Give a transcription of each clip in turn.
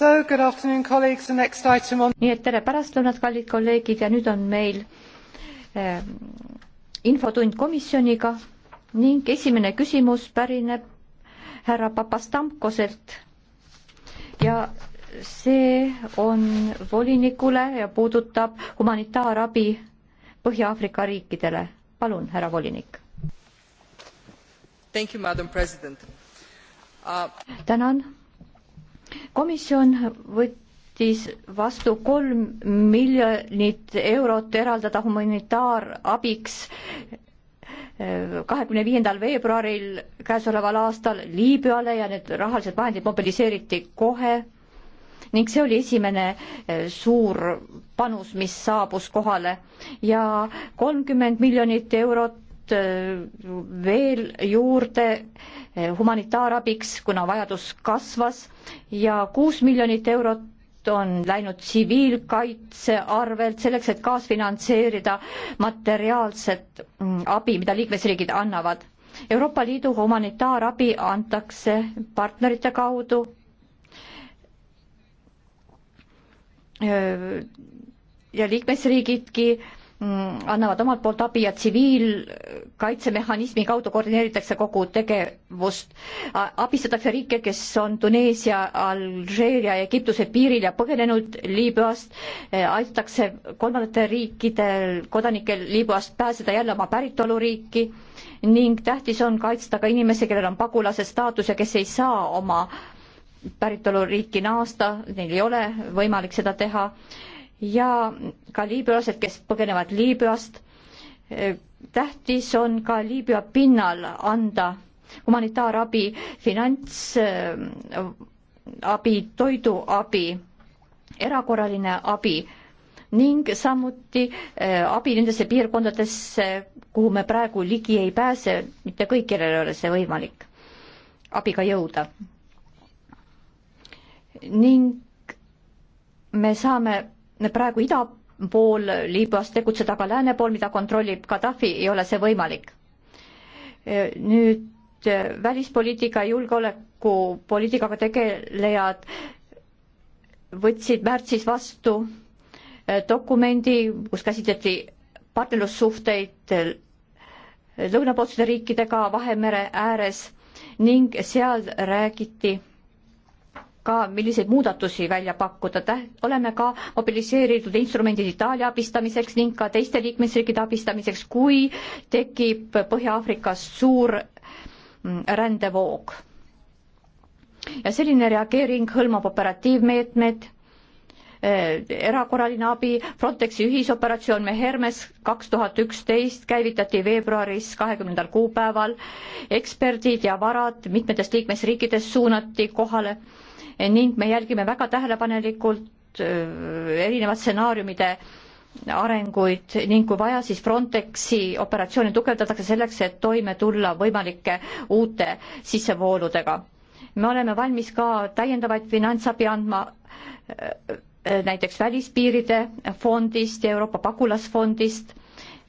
On... nii et tere pärastlõunat, kallid kolleegid ja nüüd on meil eh, infotund komisjoniga ning esimene küsimus pärineb härra Papastamkoselt ja see on volinikule ja puudutab humanitaarabi Põhja-Aafrika riikidele. palun, härra volinik. Uh... tänan komisjon võttis vastu kolm miljonit eurot eraldada humanitaarabiks äh, kahekümne viiendal veebruaril käesoleval aastal Liibüale ja need rahalised vahendid mobiliseeriti kohe ning see oli esimene äh, suur panus, mis saabus kohale ja kolmkümmend miljonit eurot äh, veel juurde Eh, humanitaarabiks, kuna vajadus kasvas ja kuus miljonit eurot on läinud tsiviilkaitse arvelt selleks, et kaasfinantseerida materiaalset mm, abi, mida liikmesriigid annavad. Euroopa Liidu humanitaarabi antakse partnerite kaudu ja liikmesriigidki Mm, annavad omalt poolt abi ja tsiviilkaitsemehhanismi kaudu koordineeritakse kogu tegevust. abistatakse riike, kes on Tuneesia, Alžeeria ja Egiptuse piiril ja põgenenud Liibüast. Eh, aidatakse kolmandatel riikidel kodanikel Liibüast pääseda jälle oma päritoluriiki ning tähtis on kaitsta ka inimesi, kellel on pagulase staatus ja kes ei saa oma päritoluriiki naasta, neil ei ole võimalik seda teha ja ka liibüalased, kes põgenevad Liibüast. tähtis on ka Liibüa pinnal anda humanitaarabi, finantsabi, äh, toiduabi, erakorraline abi ning samuti äh, abi nendesse piirkondadesse, kuhu me praegu ligi ei pääse, mitte kõikidel ei ole see võimalik abiga jõuda. ning me saame praegu ida pool Liibüas tegutseda, aga lääne pool, mida kontrollib Gaddafi, ei ole see võimalik. nüüd eh, välispoliitika ja julgeolekupoliitikaga tegelejad võtsid märtsis vastu eh, dokumendi, kus käsitleti partnerlussuhteid eh, lõunapoolsete riikidega Vahemere ääres ning seal räägiti ka, milliseid muudatusi välja pakkuda, oleme ka mobiliseeritud instrumendid Itaalia abistamiseks ning ka teiste liikmesriikide abistamiseks, kui tekib Põhja-Aafrikas suur mm, rändevoog. ja selline reageering hõlmab operatiivmeetmed, eh, erakorraline abi, Frontexi ühisoperatsioon Me Hermes kaks tuhat üksteist käivitati veebruaris kahekümnendal kuupäeval, eksperdid ja varad mitmetest liikmesriikidest suunati kohale ning me jälgime väga tähelepanelikult äh, erinevate stsenaariumide arenguid ning kui vaja, siis Frontexi operatsiooni tugevdatakse selleks, et toime tulla võimalike uute sissevooludega. me oleme valmis ka täiendavaid finantsabi andma äh, äh, näiteks välispiiride fondist ja Euroopa pagulasfondist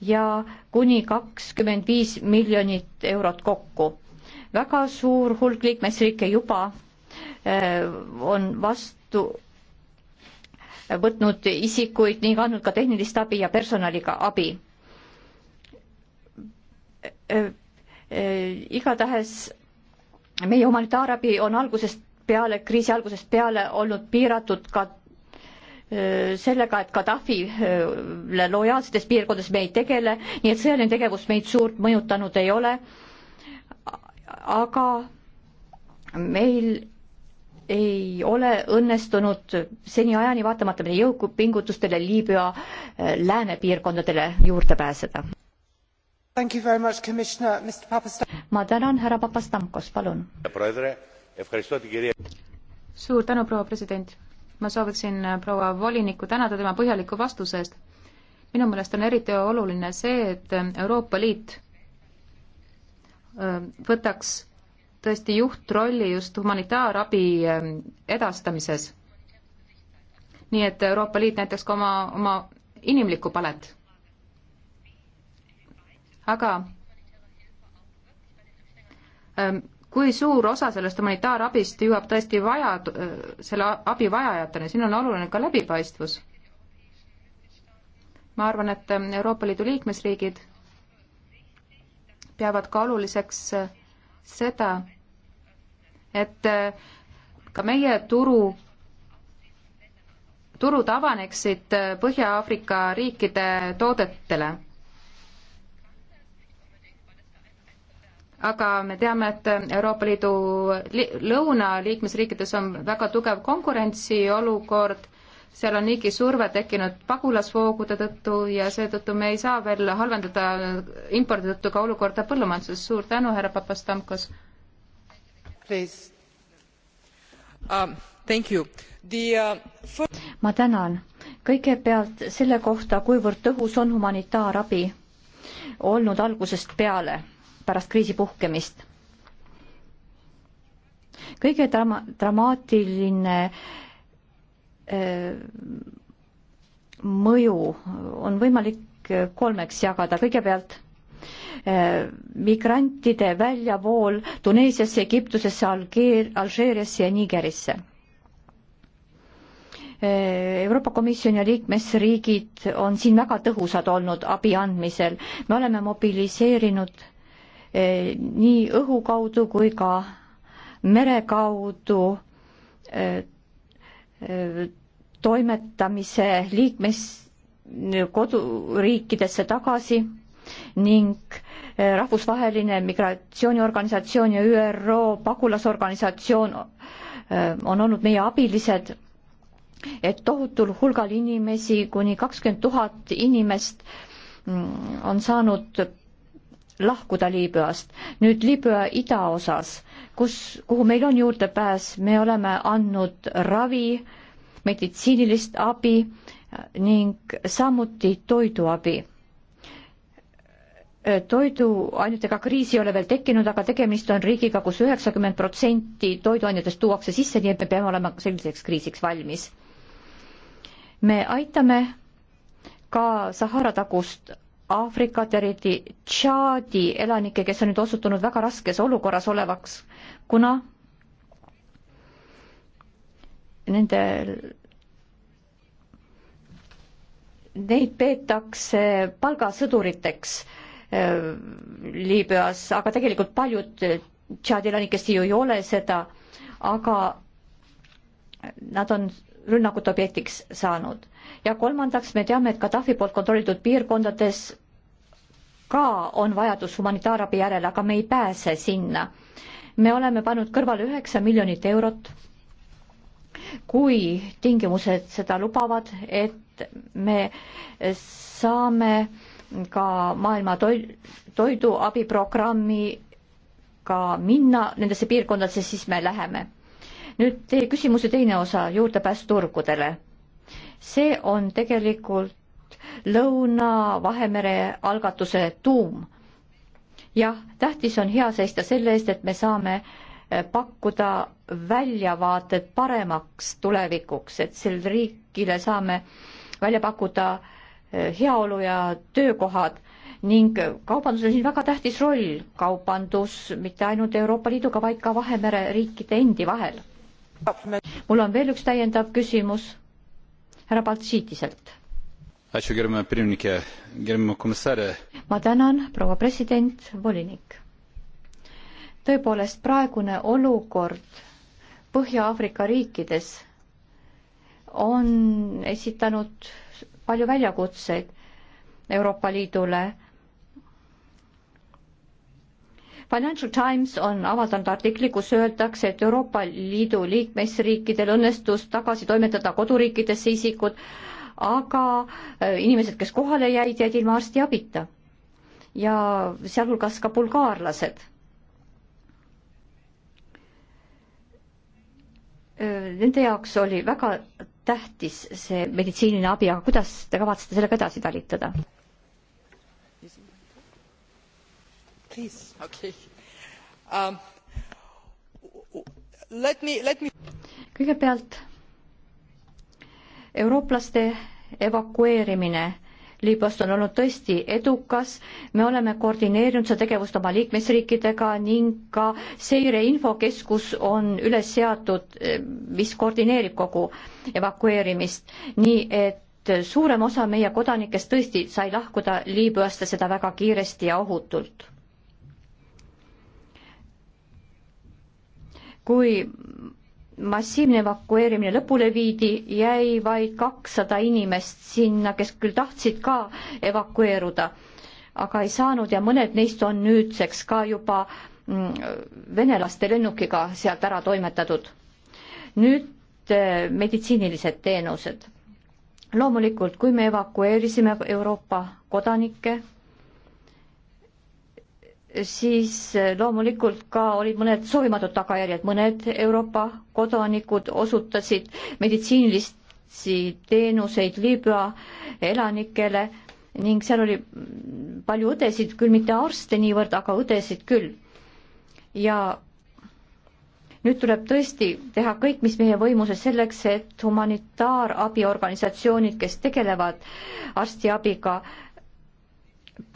ja kuni kakskümmend viis miljonit eurot kokku. väga suur hulk liikmesriike juba Äh, on vastu võtnud isikuid ning andnud ka tehnilist abi ja personaliga abi. Äh, äh, igatahes meie humanitaarabi on algusest peale, kriisi algusest peale olnud piiratud ka sellega, et Gaddafile lojaalsetes piirkondades me ei tegele, nii et sõjaline tegevus meid suurt mõjutanud ei ole. aga meil ei ole õnnestunud seniajani, vaatamata meie jõupingutustele Liibüa äh, läänepiirkondadele juurde pääseda. ma tänan, härra Papastamkos, palun. suur tänu, proua president. ma sooviksin äh, proua volinikku tänada tema põhjaliku vastuse eest. minu meelest on eriti oluline see, et Euroopa Liit äh, võtaks tõesti juhtrolli just humanitaarabi ähm, edastamises. nii et Euroopa Liit näitaks ka oma, oma inimlikku palet. aga ähm, kui suur osa sellest humanitaarabist jõuab tõesti vaja, äh, selle abi vajajateni, siin on oluline ka läbipaistvus. ma arvan, et ähm, Euroopa Liidu liikmesriigid peavad ka oluliseks äh, seda, et äh, ka meie turu, turud avaneksid äh, Põhja-Aafrika riikide toodetele. aga me teame, et äh, Euroopa Liidu li lõuna liikmesriikides on väga tugev konkurentsiolukord seal on niigi surve tekkinud pagulasvoogude tõttu ja seetõttu me ei saa veel halvendada impordi tõttu ka olukorda põllumajanduses. suur tänu, härra Papastamkos. Um, uh... ma tänan. kõigepealt selle kohta, kuivõrd tõhus on humanitaarabi olnud algusest peale, pärast kriisi puhkemist. kõige drama-, dramaatiline äh, Äh, mõju on võimalik äh, kolmeks jagada, kõigepealt äh, migrantide väljavool Tuneesiasse, Egiptusesse, Algeer-, Alžeeriasse ja Nigerisse. Euroopa Komisjon ja liikmesriigid on siin väga tõhusad olnud abi andmisel. me oleme mobiliseerinud nii õhu kaudu kui ka mere kaudu toimetamise liikmes koduriikidesse tagasi ning eh, rahvusvaheline migratsiooniorganisatsioon ja ÜRO pagulasorganisatsioon eh, on olnud meie abilised, et tohutul hulgal inimesi, kuni kakskümmend tuhat inimest mm, on saanud lahkuda Liibüast. nüüd Liibüa idaosas, kus, kuhu meil on juurdepääs, me oleme andnud ravi, meditsiinilist abi ning samuti toiduabi. Äh, toiduainetega kriisi ei ole veel tekkinud, aga tegemist on riigiga kus, kus üheksakümmend protsenti toiduainetest tuuakse sisse, nii et me peame olema selliseks kriisiks valmis. me aitame ka Sahara tagust Aafrikat, eriti Tšaadi elanikke, kes on nüüd osutunud väga raskes olukorras olevaks, kuna nende, neid peetakse palgasõduriteks äh, Liibüas, aga tegelikult paljud Tšaadi elanikest ju ei ole seda, aga nad on rünnakute objektiks saanud. ja kolmandaks, me teame, et Gaddafi poolt kontrollitud piirkondades ka on vajadus humanitaarabi järele, aga me ei pääse sinna. me oleme pannud kõrvale üheksa miljonit eurot, kui tingimused seda lubavad, et me saame ka maailma toid, toiduabiprogrammi ka minna nendesse piirkondadesse, siis me läheme. nüüd teie küsimuse teine osa, juurdepääs turgudele. see on tegelikult Lõuna-Vahemere algatuse tuum. jah, tähtis on hea seista selle eest, et me saame eh, pakkuda väljavaated paremaks tulevikuks, et sel riigile saame välja pakkuda eh, heaolu ja töökohad ning kaubandus on siin väga tähtis roll, kaubandus mitte ainult Euroopa Liiduga, vaid ka Vahemere riikide endi vahel. mul on veel üks täiendav küsimus härra Baltsiitiselt ma tänan, proua president, volinik. tõepoolest, praegune olukord Põhja-Aafrika riikides on esitanud palju väljakutseid Euroopa Liidule. Financial Times on avaldanud artikli, kus öeldakse, et Euroopa Liidu liikmesriikidel õnnestus tagasi toimetada koduriikidesse isikud, aga äh, inimesed, kes kohale jäid, jäid ilma arstiabita. ja sealhulgas ka bulgaarlased. Äh, nende jaoks oli väga tähtis see meditsiiniline abi, aga kuidas te kavatsete sellega edasi talitada? Please. Okay. Um, let me, let me... kõigepealt eurooplaste evakueerimine Liibüast on olnud tõesti edukas, me oleme koordineerinud seda tegevust oma liikmesriikidega ning ka seireinfokeskus on üles seatud, mis koordineerib kogu evakueerimist, nii et suurem osa meie kodanikest tõesti sai lahkuda Liibüast ja seda väga kiiresti ja ohutult. kui massiivne evakueerimine lõpule viidi, jäi vaid kakssada inimest sinna, kes küll tahtsid ka evakueeruda, aga ei saanud ja mõned neist on nüüdseks ka juba mm, venelaste lennukiga sealt ära toimetatud. nüüd äh, meditsiinilised teenused. loomulikult, kui me evakueerisime Euroopa kodanikke, siis eh, loomulikult ka olid mõned soovimatud tagajärjed, mõned Euroopa kodanikud osutasid meditsiinilisi teenuseid Liibüa elanikele ning seal oli palju õdesid, küll mitte arste niivõrd, aga õdesid küll. ja nüüd tuleb tõesti teha kõik, mis meie võimuses selleks, et humanitaarabiorganisatsioonid, kes tegelevad arstiabiga,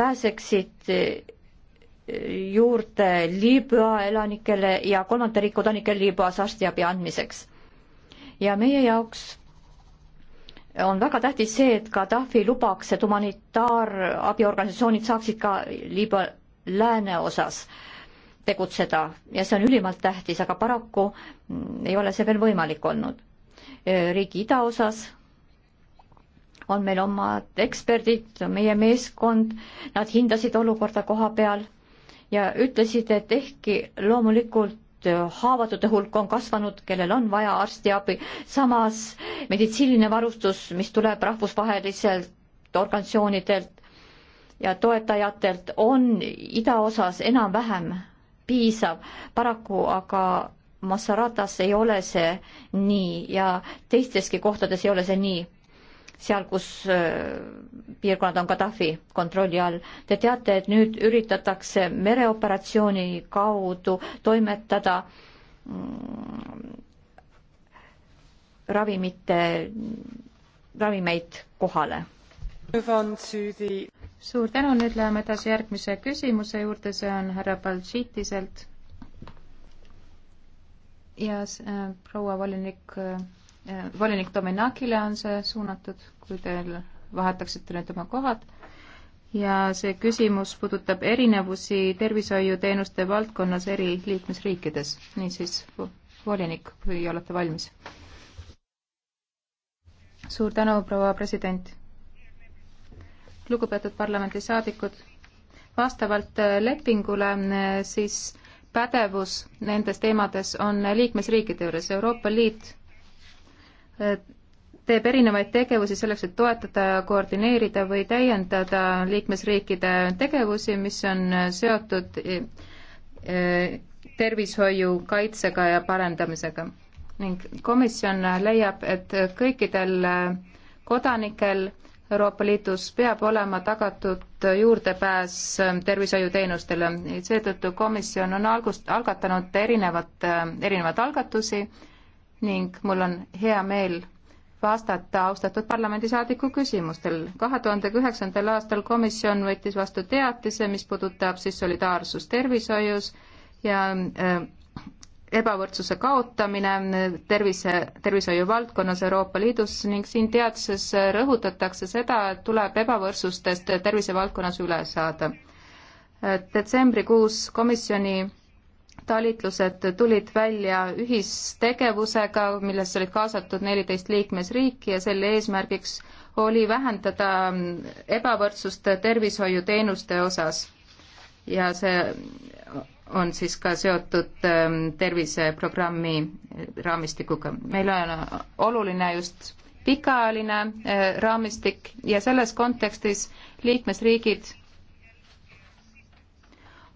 pääseksid eh, juurde Liibüa elanikele ja kolmandate riikide kodanikele Liibüas arstiabi andmiseks. ja meie jaoks on väga tähtis see, et Gaddafi lubaks, et humanitaarabiorganisatsioonid saaksid ka Liibüa lääneosas tegutseda ja see on ülimalt tähtis, aga paraku ei ole see veel võimalik olnud. riigi idaosas on meil omad eksperdid, meie meeskond, nad hindasid olukorda koha peal ja ütlesid, et ehkki loomulikult äh, haavatute hulk on kasvanud, kellel on vaja arstiabi, samas meditsiiniline varustus, mis tuleb rahvusvaheliselt organisatsioonidelt ja toetajatelt, on idaosas enam-vähem piisav, paraku aga Masaratas ei ole see nii ja teisteski kohtades ei ole see nii seal, kus äh, piirkonnad on Gaddafi kontrolli all. Te teate, et nüüd üritatakse mereoperatsiooni kaudu toimetada mm, ravimite, ravimeid kohale. suur tänu, nüüd läheme edasi järgmise küsimuse juurde, see on härra Baltšiitiselt. ja äh, proua volinik äh, Äh, volinik Dominakile on see suunatud, kui teil vahetaksite nüüd oma kohad. ja see küsimus puudutab erinevusi tervishoiuteenuste valdkonnas eri liikmesriikides. niisiis, volinik, kui olete valmis. suur tänu, proua president. lugupeetud parlamendisaadikud, vastavalt äh, lepingule äh, siis pädevus nendes teemades on liikmesriikide juures, Euroopa Liit teeb erinevaid tegevusi selleks, et toetada, koordineerida või täiendada liikmesriikide tegevusi, mis on seotud eh, eh, tervishoiu kaitsega ja parendamisega. ning komisjon leiab, et kõikidel eh, kodanikel Euroopa Liidus peab olema tagatud juurdepääs tervishoiuteenustele, seetõttu komisjon on algust, algatanud erinevat, erinevaid algatusi ning mul on hea meel vastata austatud parlamendisaadiku küsimustel. kahe tuhande üheksandal aastal komisjon võttis vastu teatise, mis puudutab siis solidaarsust tervishoius ja äh, ebavõrdsuse kaotamine äh, tervise, tervishoiu valdkonnas Euroopa Liidus ning siin teadses rõhutatakse seda, et tuleb ebavõrdsustest tervisevaldkonnas üle saada. Äh, detsembrikuus komisjoni talitlused tulid välja ühistegevusega, millesse olid kaasatud neliteist liikmesriiki ja selle eesmärgiks oli vähendada ebavõrdsust tervishoiuteenuste osas. ja see on siis ka seotud ähm, terviseprogrammi raamistikuga. meil on oluline just pikaajaline äh, raamistik ja selles kontekstis liikmesriigid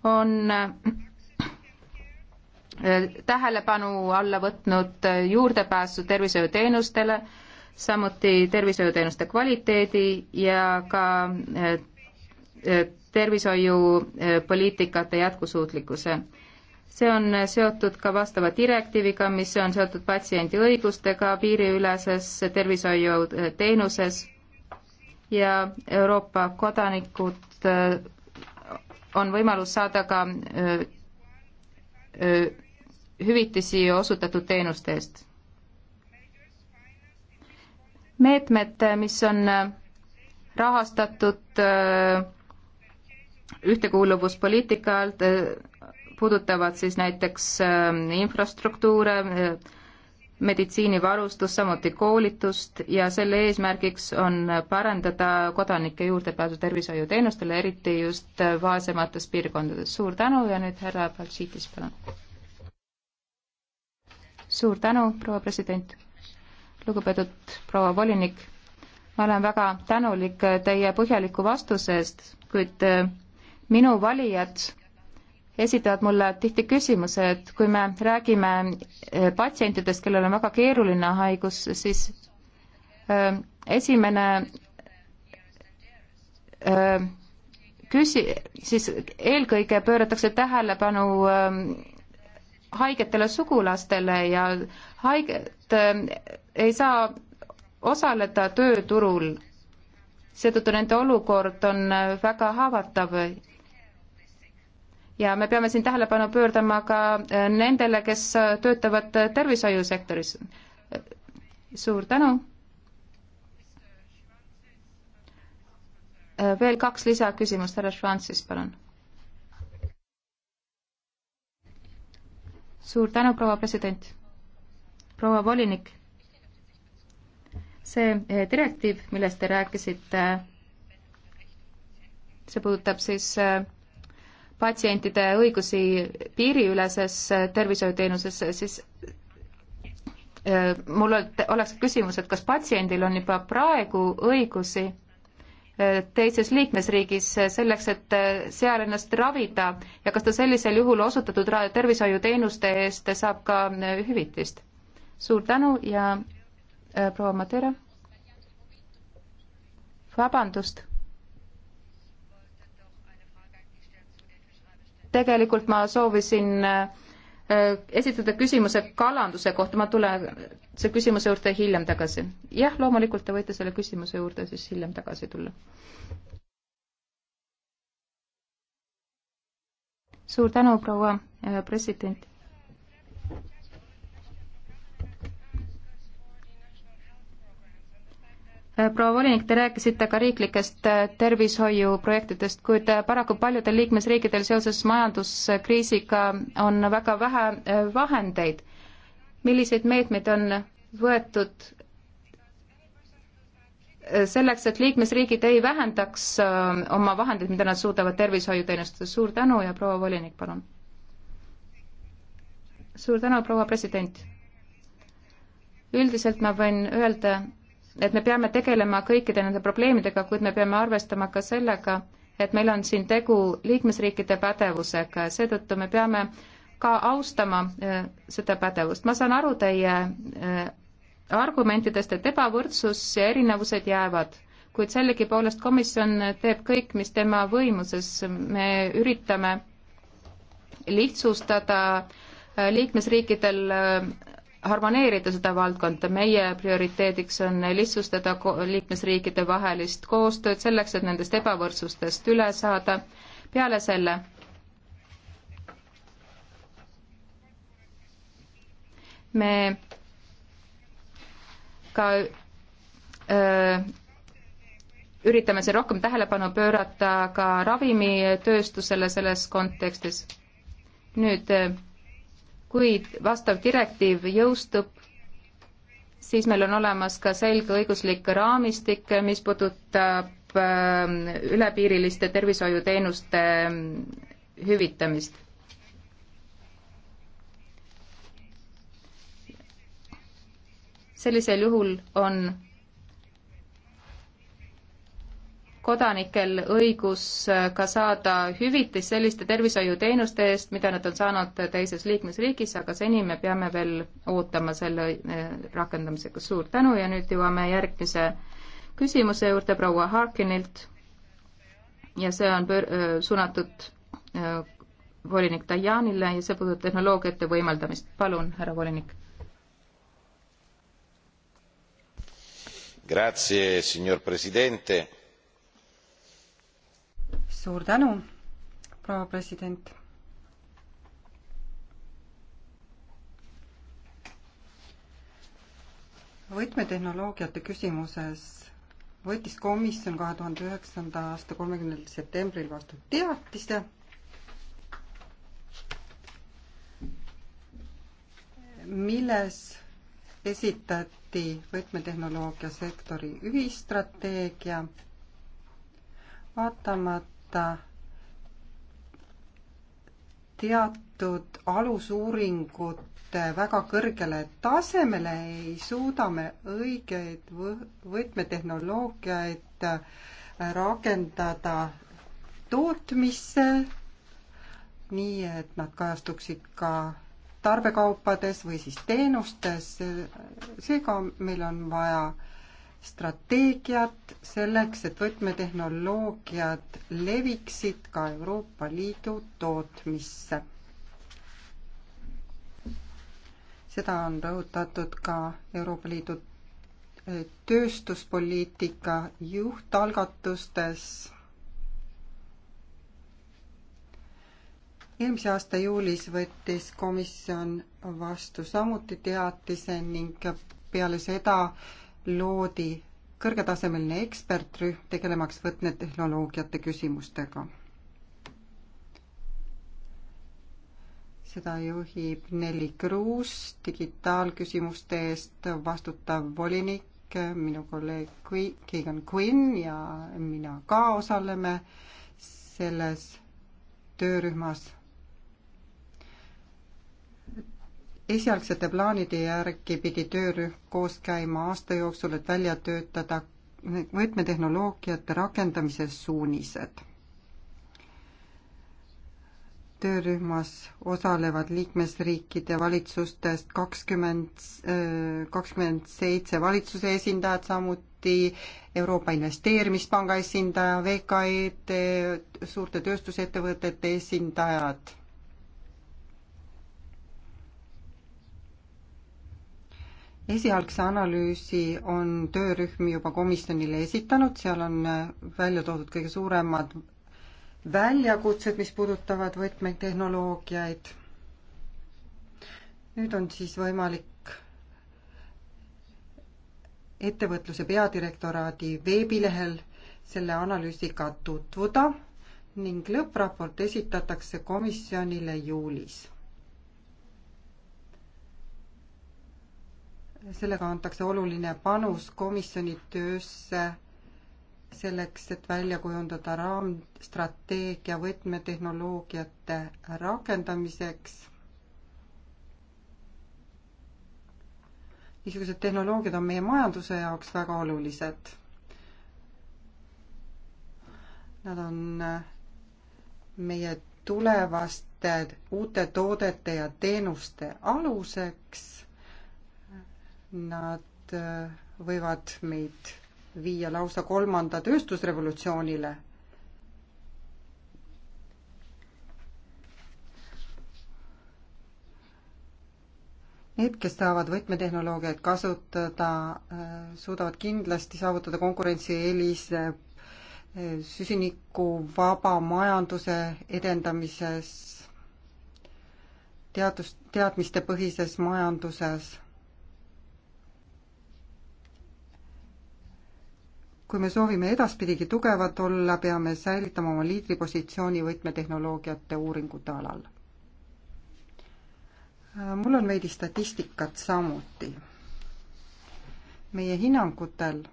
on äh, tähelepanu alla võtnud juurdepääsu tervishoiuteenustele, samuti tervishoiuteenuste kvaliteedi ja ka eh, eh, tervishoiupoliitikate jätkusuutlikkuse. see on seotud ka vastava direktiiviga, mis on seotud patsiendi õigustega piiriüleses tervishoiuteenuses ja Euroopa kodanikud eh, on võimalus saada ka öö, öö, hüvitisi osutatud teenuste eest. meetmed, mis on äh, rahastatud äh, ühtekuuluvuspoliitika alt, äh, puudutavad siis näiteks infrastruktuure, meditsiinivarustust, samuti koolitust ja selle eesmärgiks on parandada kodanike juurdepääsu tervishoiuteenustele, eriti just vaesemates piirkondades. suur tänu ja nüüd härra Baltšiitis, palun suur tänu, proua president. lugupeetud proua volinik, ma olen väga tänulik teie põhjaliku vastuse eest, kuid äh, minu valijad esitavad mulle tihti küsimuse, et kui me räägime äh, patsientidest, kellel on väga keeruline haigus, siis äh, esimene küsi-, siis eelkõige pööratakse tähelepanu haigetele sugulastele ja haiget ähm, ei saa osaleda tööturul. seetõttu nende olukord on äh, väga haavatav. ja me peame siin tähelepanu pöördama ka äh, nendele, kes äh, töötavad tervishoiusektoris. suur tänu. veel kaks lisaküsimust, härra Švansis, palun suur tänu, proua president. proua volinik. see eh, direktiiv, millest te rääkisite, see puudutab siis eh, patsientide õigusi piiriüleses eh, tervishoiuteenuses, siis mul oleks küsimus, et kas patsiendil on juba praegu õigusi teises liikmesriigis selleks, et seal ennast ravida ja kas ta sellisel juhul osutatud tervishoiuteenuste eest saab ka hüvitist? suur tänu ja äh, proua Matera. vabandust. tegelikult ma soovisin äh, esitada küsimuse kalanduse kohta, ma tulen selle küsimuse juurde hiljem tagasi. jah, loomulikult te võite selle küsimuse juurde siis hiljem tagasi tulla. suur tänu, proua äh, president. Äh, proua volinik, te rääkisite ka riiklikest äh, tervishoiuprojektidest, kuid äh, paraku paljudel liikmesriikidel seoses majanduskriisiga on väga vähe vahendeid. milliseid meetmeid on võetud selleks, et liikmesriigid ei vähendaks oma vahendeid, mida nad suudavad tervishoiuteenustes, suur tänu ja proua volinik, palun. suur tänu, proua president. üldiselt ma võin öelda, et me peame tegelema kõikide nende probleemidega, kuid me peame arvestama ka sellega, et meil on siin tegu liikmesriikide pädevusega ja seetõttu me peame ka austama äh, seda pädevust. ma saan aru teie äh, argumentidest, et ebavõrdsus ja erinevused jäävad, kuid sellegipoolest komisjon teeb kõik, mis tema võimuses, me üritame lihtsustada äh, liikmesriikidel harmoneerida seda valdkonda, meie prioriteediks on lihtsustada liikmesriikide vahelist koostööd selleks, et nendest ebavõrdsustest üle saada. peale selle me ka öö, üritame siin rohkem tähelepanu pöörata ka ravimitööstusele selles kontekstis. nüüd kui vastav direktiiv jõustub, siis meil on olemas ka selge õiguslik raamistik, mis puudutab ähm, ülepiiriliste tervishoiuteenuste ähm, hüvitamist. sellisel juhul on kodanikel õigus äh, ka saada hüvitist selliste tervishoiuteenuste eest, mida nad on saanud teises liikmesriigis, aga seni me peame veel ootama selle äh, rakendamisega. suur tänu ja nüüd jõuame järgmise küsimuse juurde proua Harkinilt ja see on pöör-, äh, suunatud volinik Dajanile ja see puudutab tehnoloogiate võimaldamist. palun, härra volinik. Grazie, signor presidente suur tänu, proua president. võtmetehnoloogiate küsimuses võttis komisjon kahe tuhande üheksanda aasta kolmekümnendal septembril vastu teatise, milles esitati võtmetehnoloogia sektori ühistrateegia, vaatamata võtta teatud alusuuringut väga kõrgele tasemele, ei suuda me õigeid võtmetehnoloogiaid rakendada tootmisse, nii et nad kajastuksid ka tarbekaupades või siis teenustes. seega meil on vaja strateegiat selleks, et võtmetehnoloogiad leviksid ka Euroopa Liidu tootmisse. seda on rõhutatud ka Euroopa Liidu eh, tööstuspoliitika juhtalgatustes. eelmise aasta juulis võttis komisjon vastu samuti teatise ning peale seda äh, loodi kõrgetasemeline ekspertrühm tegelemaks võtmetehnoloogiate küsimustega. seda juhib Nelli Kruus, digitaalküsimuste eest vastutav volinik, minu kolleeg Keegan Quinn ja mina ka osaleme selles töörühmas esialgsete plaanide järgi pidi töörühm koos käima aasta jooksul, et välja töötada võtmetehnoloogiate rakendamise suunised. töörühmas osalevad liikmesriikide valitsustest kakskümmend, äh, kakskümmend seitse valitsuse esindajat, samuti Euroopa Investeerimispanga esindaja, VKE-d, suurte tööstusettevõtete esindajad esialgse analüüsi on töörühm juba komisjonile esitanud, seal on äh, välja toodud kõige suuremad väljakutsed, mis puudutavad võtmetehnoloogiaid. nüüd on siis võimalik ettevõtluse peadirektoraadi veebilehel selle analüüsiga tutvuda ning lõppraport esitatakse komisjonile juulis sellega antakse oluline panus komisjoni töösse selleks, et välja kujundada raamstrateegia võtmetehnoloogiate rakendamiseks. niisugused tehnoloogiad on meie majanduse jaoks väga olulised. Nad on meie tulevaste uute toodete ja teenuste aluseks Nad äh, võivad meid viia lausa kolmanda tööstusrevolutsioonile. Need, kes tahavad võtmetehnoloogiaid kasutada, äh, suudavad kindlasti saavutada konkurentsieelise äh, süsinikuvaba majanduse edendamises, teadus, teadmistepõhises majanduses kui me soovime edaspidigi tugevad olla, peame säilitama oma liidripositsiooni võtmetehnoloogiate uuringute alal. mul on veidi statistikat samuti. meie hinnangutel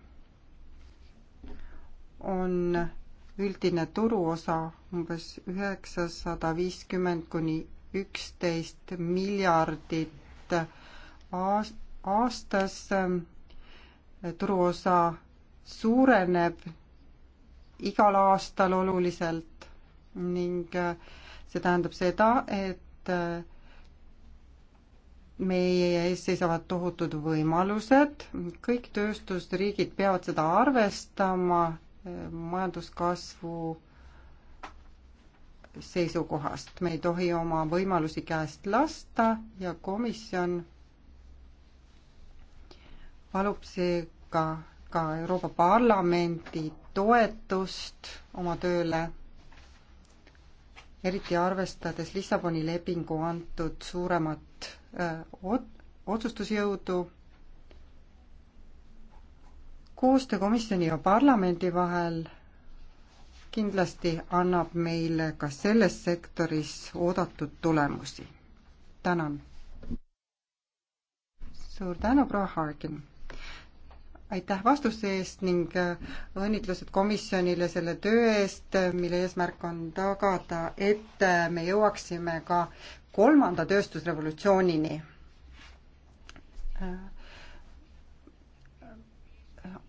on üldine turuosa umbes üheksasada viiskümmend kuni üksteist miljardit aastas ehm, turuosa suureneb igal aastal oluliselt ning äh, see tähendab seda, et äh, meie ees seisavad tohutud võimalused, kõik tööstusriigid peavad seda arvestama äh, majanduskasvu seisukohast, me ei tohi oma võimalusi käest lasta ja komisjon palub seega ka Euroopa Parlamendi toetust oma tööle, eriti arvestades Lissaboni lepingu antud suuremat otsustusjõudu. koostöö komisjoni ja parlamendi vahel kindlasti annab meile ka selles sektoris oodatud tulemusi. tänan. suur tänu, proua Harkin aitäh vastuste eest ning äh, õnnitlused komisjonile selle töö eest, äh, mille eesmärk on tagada, et äh, me jõuaksime ka kolmanda tööstusrevolutsioonini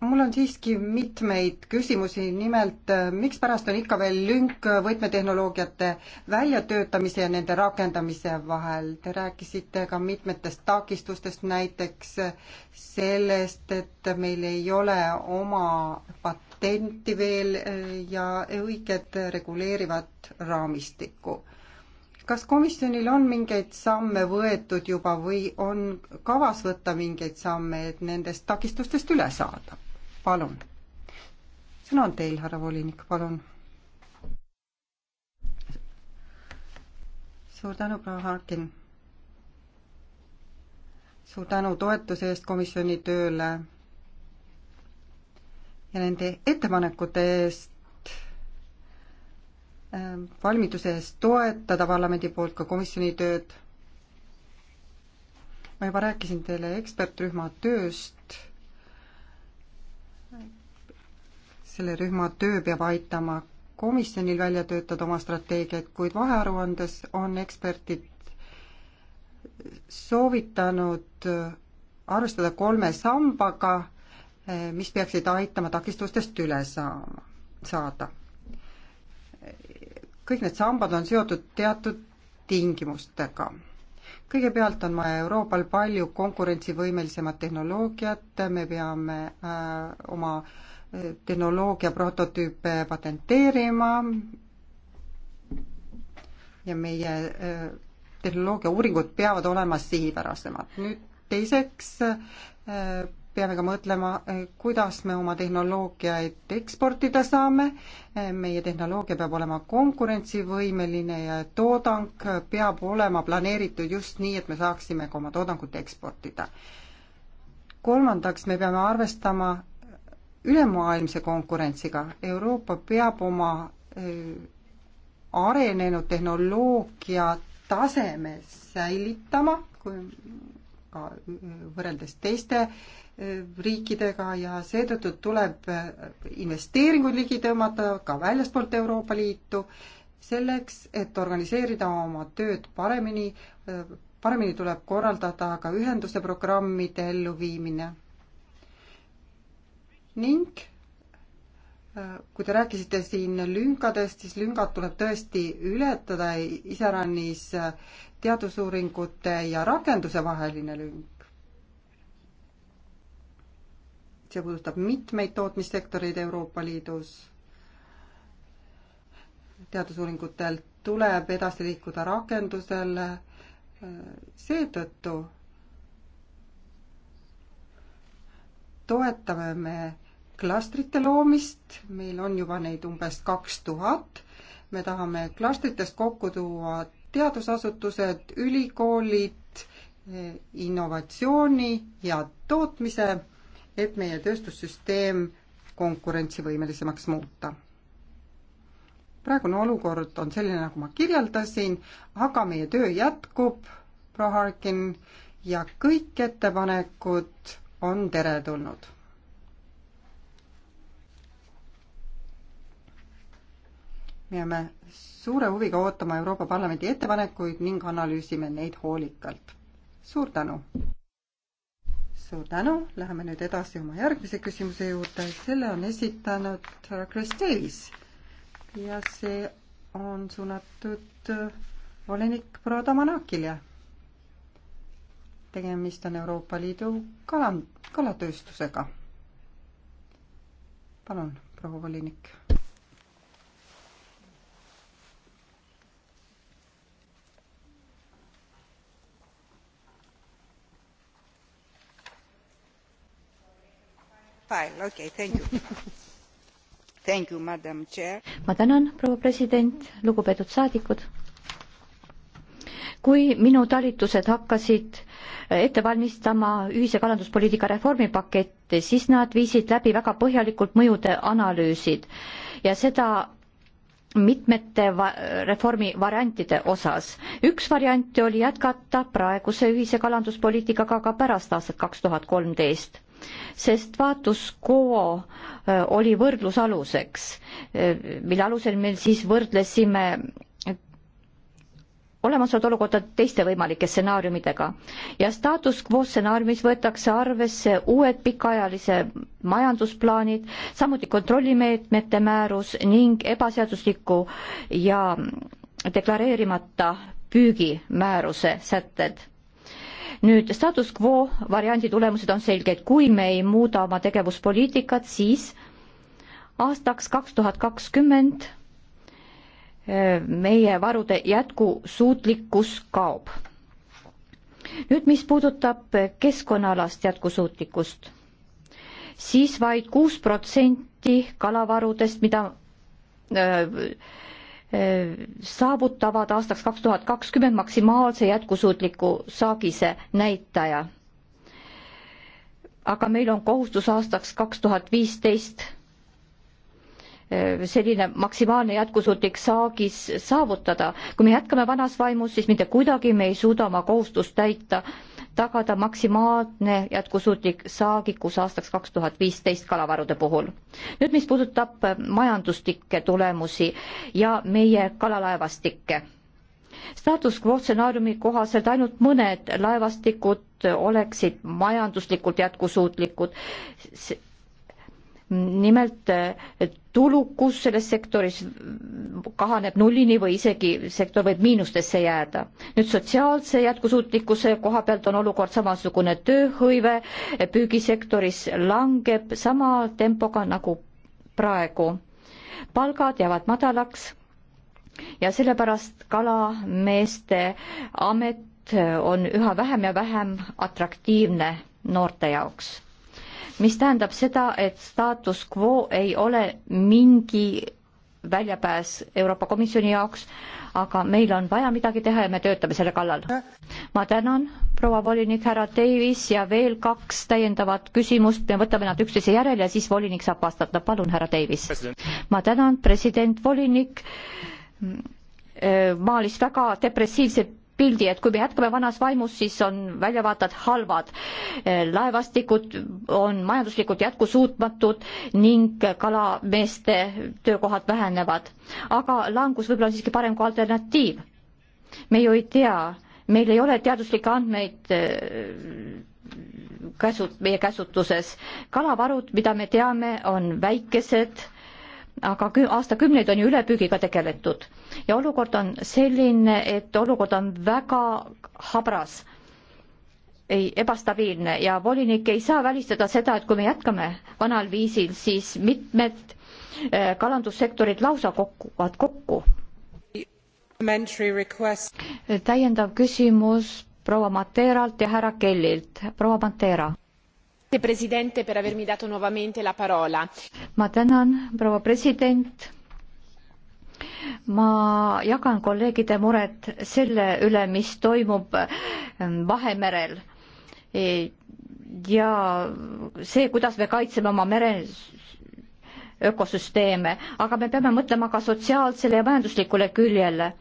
mul on siiski mitmeid küsimusi, nimelt äh, mikspärast on ikka veel lünk võtmetehnoloogiate väljatöötamise ja nende rakendamise vahel? Te rääkisite ka mitmetest takistustest, näiteks äh, sellest, et meil ei ole oma patenti veel äh, ja õiget reguleerivat raamistikku. kas komisjonil on mingeid samme võetud juba või on kavas võtta mingeid samme, et nendest takistustest üle saada? palun. sõna on teil, härra volinik, palun. suur tänu, proua Harkin. suur tänu toetuse eest komisjoni tööle ja nende ettepanekute eest, ähm, valmiduse eest toetada parlamendi poolt ka komisjoni tööd. ma juba rääkisin teile ekspertrühma tööst, selle rühma töö peab aitama komisjonil välja töötada oma strateegiat, kuid vahearuandes on eksperdid soovitanud arvestada kolme sambaga, mis peaksid aitama takistustest üle saama, saada. kõik need sambad on seotud teatud tingimustega kõigepealt on vaja Euroopal palju konkurentsivõimelisemat tehnoloogiat, me peame äh, oma äh, tehnoloogia prototüüpe patenteerima ja meie äh, tehnoloogia uuringud peavad olema sihipärasemad. nüüd teiseks äh, peame ka mõtlema, äh, kuidas me oma tehnoloogiaid eksportida saame. meie tehnoloogia peab olema konkurentsivõimeline ja toodang peab olema planeeritud just nii, et me saaksime ka oma toodangut eksportida. kolmandaks, me peame arvestama ülemaailmse konkurentsiga. Euroopa peab oma arenenud tehnoloogia taseme säilitama, kui ka võrreldes teiste riikidega ja seetõttu tuleb investeeringuid ligi tõmmata ka väljaspoolt Euroopa Liitu, selleks, et organiseerida oma tööd paremini, paremini tuleb korraldada ka ühenduse programmide elluviimine ning äh, kui te rääkisite siin lünkadest, siis lüngad tuleb tõesti ületada, iseäranis äh, teadusuuringute ja rakenduse vaheline lünk. see puudutab mitmeid tootmissektoreid Euroopa Liidus. teadusuuringutel tuleb edasi liikuda rakendusele, äh, seetõttu toetame me klastrite loomist, meil on juba neid umbes kaks tuhat. me tahame klastritest kokku tuua teadusasutused, ülikoolid, innovatsiooni ja tootmise, et meie tööstussüsteem konkurentsivõimelisemaks muuta. praegune olukord on selline, nagu ma kirjeldasin, aga meie töö jätkub, proua Harkin, ja kõik ettepanekud on teretulnud. me jääme suure huviga ootama Euroopa Parlamendi ettepanekuid ning analüüsime neid hoolikalt. suur tänu! suur tänu, läheme nüüd edasi oma järgmise küsimuse juurde, selle on esitanud härra Chris Davis ja see on suunatud volinik Pradamanakile tegemist on Euroopa Liidu kala, kalatööstusega. palun, proua volinik. Fine, okay, thank you. Thank you, madam chair. ma tänan, proua president, lugupeetud saadikud. kui minu talitused hakkasid ette valmistama ühise kalanduspoliitika reformipaketti, siis nad viisid läbi väga põhjalikult mõjude analüüsid ja seda mitmete va reformi variantide osas. üks variant oli jätkata praeguse ühise kalanduspoliitikaga ka pärast aastat kaks tuhat kolmteist, sest vaatuskoo oli võrdlusaluseks, mille alusel me siis võrdlesime olemasolevat olukorda teiste võimalike stsenaariumidega ja staatus quo stsenaariumis võetakse arvesse uued pikaajalise majandusplaanid, samuti kontrollimeetmete määrus ning ebaseadusliku ja deklareerimata püügimääruse sätted. nüüd status quo variandi tulemused on selged, kui me ei muuda oma tegevuspoliitikat, siis aastaks kaks tuhat kakskümmend meie varude jätkusuutlikkus kaob. nüüd, mis puudutab keskkonnaalast jätkusuutlikkust, siis vaid kuus protsenti kalavarudest, mida öö, saavutavad aastaks kaks tuhat kakskümmend maksimaalse jätkusuutliku saagise näitaja. aga meil on kohustus aastaks kaks tuhat viisteist Äh, selline maksimaalne jätkusuutlik saagis saavutada. kui me jätkame vanas vaimus, siis mitte kuidagi me ei suuda oma kohustust täita, tagada maksimaalne jätkusuutlik saagikus aastaks kaks tuhat viisteist kalavarude puhul. nüüd, mis puudutab äh, majanduslikke tulemusi ja meie kalalaevastikke staatus quo stsenaariumi kohaselt ainult mõned laevastikud oleksid majanduslikult jätkusuutlikud nimelt tulukus selles sektoris kahaneb nullini või isegi sektor võib miinustesse jääda. nüüd sotsiaalse jätkusuutlikkuse koha pealt on olukord samasugune, tööhõive püügisektoris langeb sama tempoga nagu praegu. palgad jäävad madalaks ja sellepärast kalameeste amet on üha vähem ja vähem atraktiivne noorte jaoks mis tähendab seda, et staatus quo ei ole mingi väljapääs Euroopa Komisjoni jaoks, aga meil on vaja midagi teha ja me töötame selle kallal. ma tänan, proua volinik härra Davis ja veel kaks täiendavat küsimust, me võtame nad üksteise järel ja siis volinik saab vastata, palun, härra Davis. ma tänan, president, volinik hm, äh, maalis väga depressiivse pildi, et kui me jätkame vanas vaimus, siis on väljavaated halvad. laevastikud on majanduslikult jätkusuutmatud ning kalameeste töökohad vähenevad. aga langus võib-olla on siiski parem kui alternatiiv. me ju ei tea, meil ei ole teaduslikke andmeid äh, käsu, meie käsutuses. kalavarud, mida me teame, on väikesed, aga aastakümneid on ju ülepüügiga tegeletud ja olukord on selline, et olukord on väga habras, ei, ebastabiilne ja volinik ei saa välistada seda, et kui me jätkame vanal viisil, siis mitmed eh, kalandussektorid lausa kokkuvad kokku. kokku. täiendav küsimus proua Materalt ja härra Kellilt. proua Matera. ma tänan, proua president ma jagan kolleegide muret selle üle, mis toimub ähm, Vahemerel ja see, kuidas me kaitseme oma mere ökosüsteeme, aga me peame mõtlema ka sotsiaalsele ja majanduslikule küljele.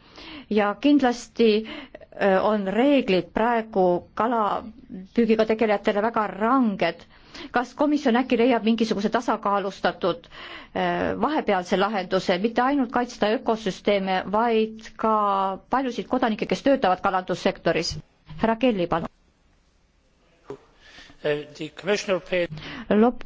ja kindlasti äh, on reeglid praegu kalapüügiga tegelejatele väga ranged. kas komisjon äkki leiab mingisuguse tasakaalustatud äh, vahepealse lahenduse, mitte ainult kaitsta ökosüsteeme, vaid ka paljusid kodanikke, kes töötavad kalandussektoris? härra Kelly, palun. Uh, Lop-,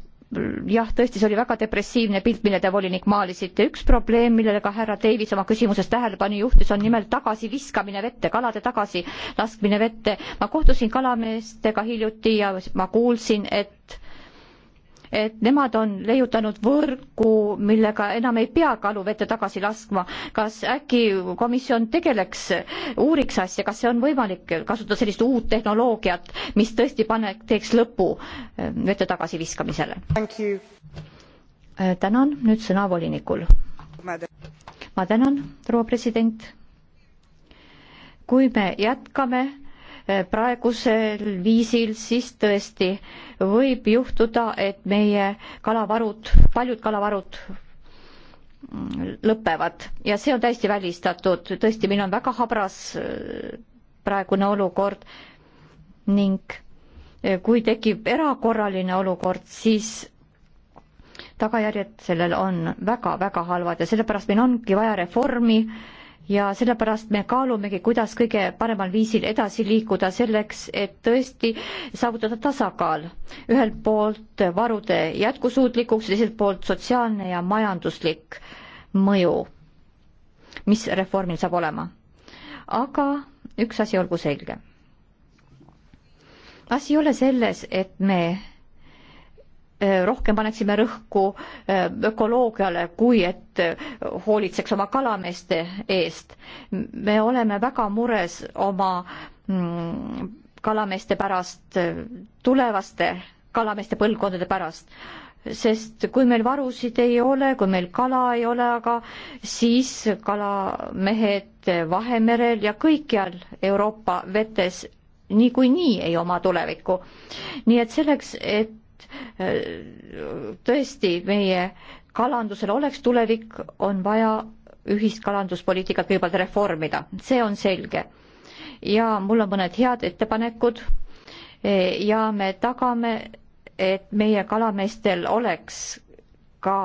jah, tõesti, see oli väga depressiivne pilt, mille te, volinik, maalisite. üks probleem, millele ka härra Davis oma küsimuses tähelepanu juhtis, on nimelt tagasiviskamine vette, kalade tagasilaskmine vette. ma kohtusin kalameestega hiljuti ja ma kuulsin, et et nemad on leiutanud võrgu, millega enam ei pea kaluvette tagasi laskma. kas äkki komisjon tegeleks, uuriks asja, kas see on võimalik kasutada sellist uut tehnoloogiat, mis tõesti pane-, teeks lõpu ähm, vette tagasiviskamisele? Äh, tänan, nüüd sõna volinikul. ma tänan, proua president. kui me jätkame praegusel viisil, siis tõesti võib juhtuda, et meie kalavarud, paljud kalavarud lõpevad ja see on täiesti välistatud. tõesti, meil on väga habras äh, praegune olukord ning äh, kui tekib erakorraline olukord, siis tagajärjed sellel on väga-väga halvad ja sellepärast meil ongi vaja reformi äh, ja sellepärast me kaalumegi, kuidas kõige paremal viisil edasi liikuda selleks, et tõesti saavutada tasakaal. ühelt poolt varude jätkusuutlikuks, teiselt poolt sotsiaalne ja majanduslik mõju, mis reformil saab olema. aga üks asi olgu selge. asi ei ole selles, et me Eh, rohkem paneksime rõhku eh, ökoloogiale, kui et eh, hoolitseks oma kalameeste eest. me oleme väga mures oma mm, kalameeste pärast, tulevaste kalameeste põlvkondade pärast sest kui meil varusid ei ole, kui meil kala ei ole, aga siis kalamehed Vahemerel ja kõikjal Euroopa vetes niikuinii ei oma tulevikku. nii et selleks, et et tõesti meie kalandusel oleks tulevik, on vaja ühist kalanduspoliitikat kõigepealt reformida, see on selge. ja mul on mõned head ettepanekud ja me tagame, et meie kalameestel oleks ka,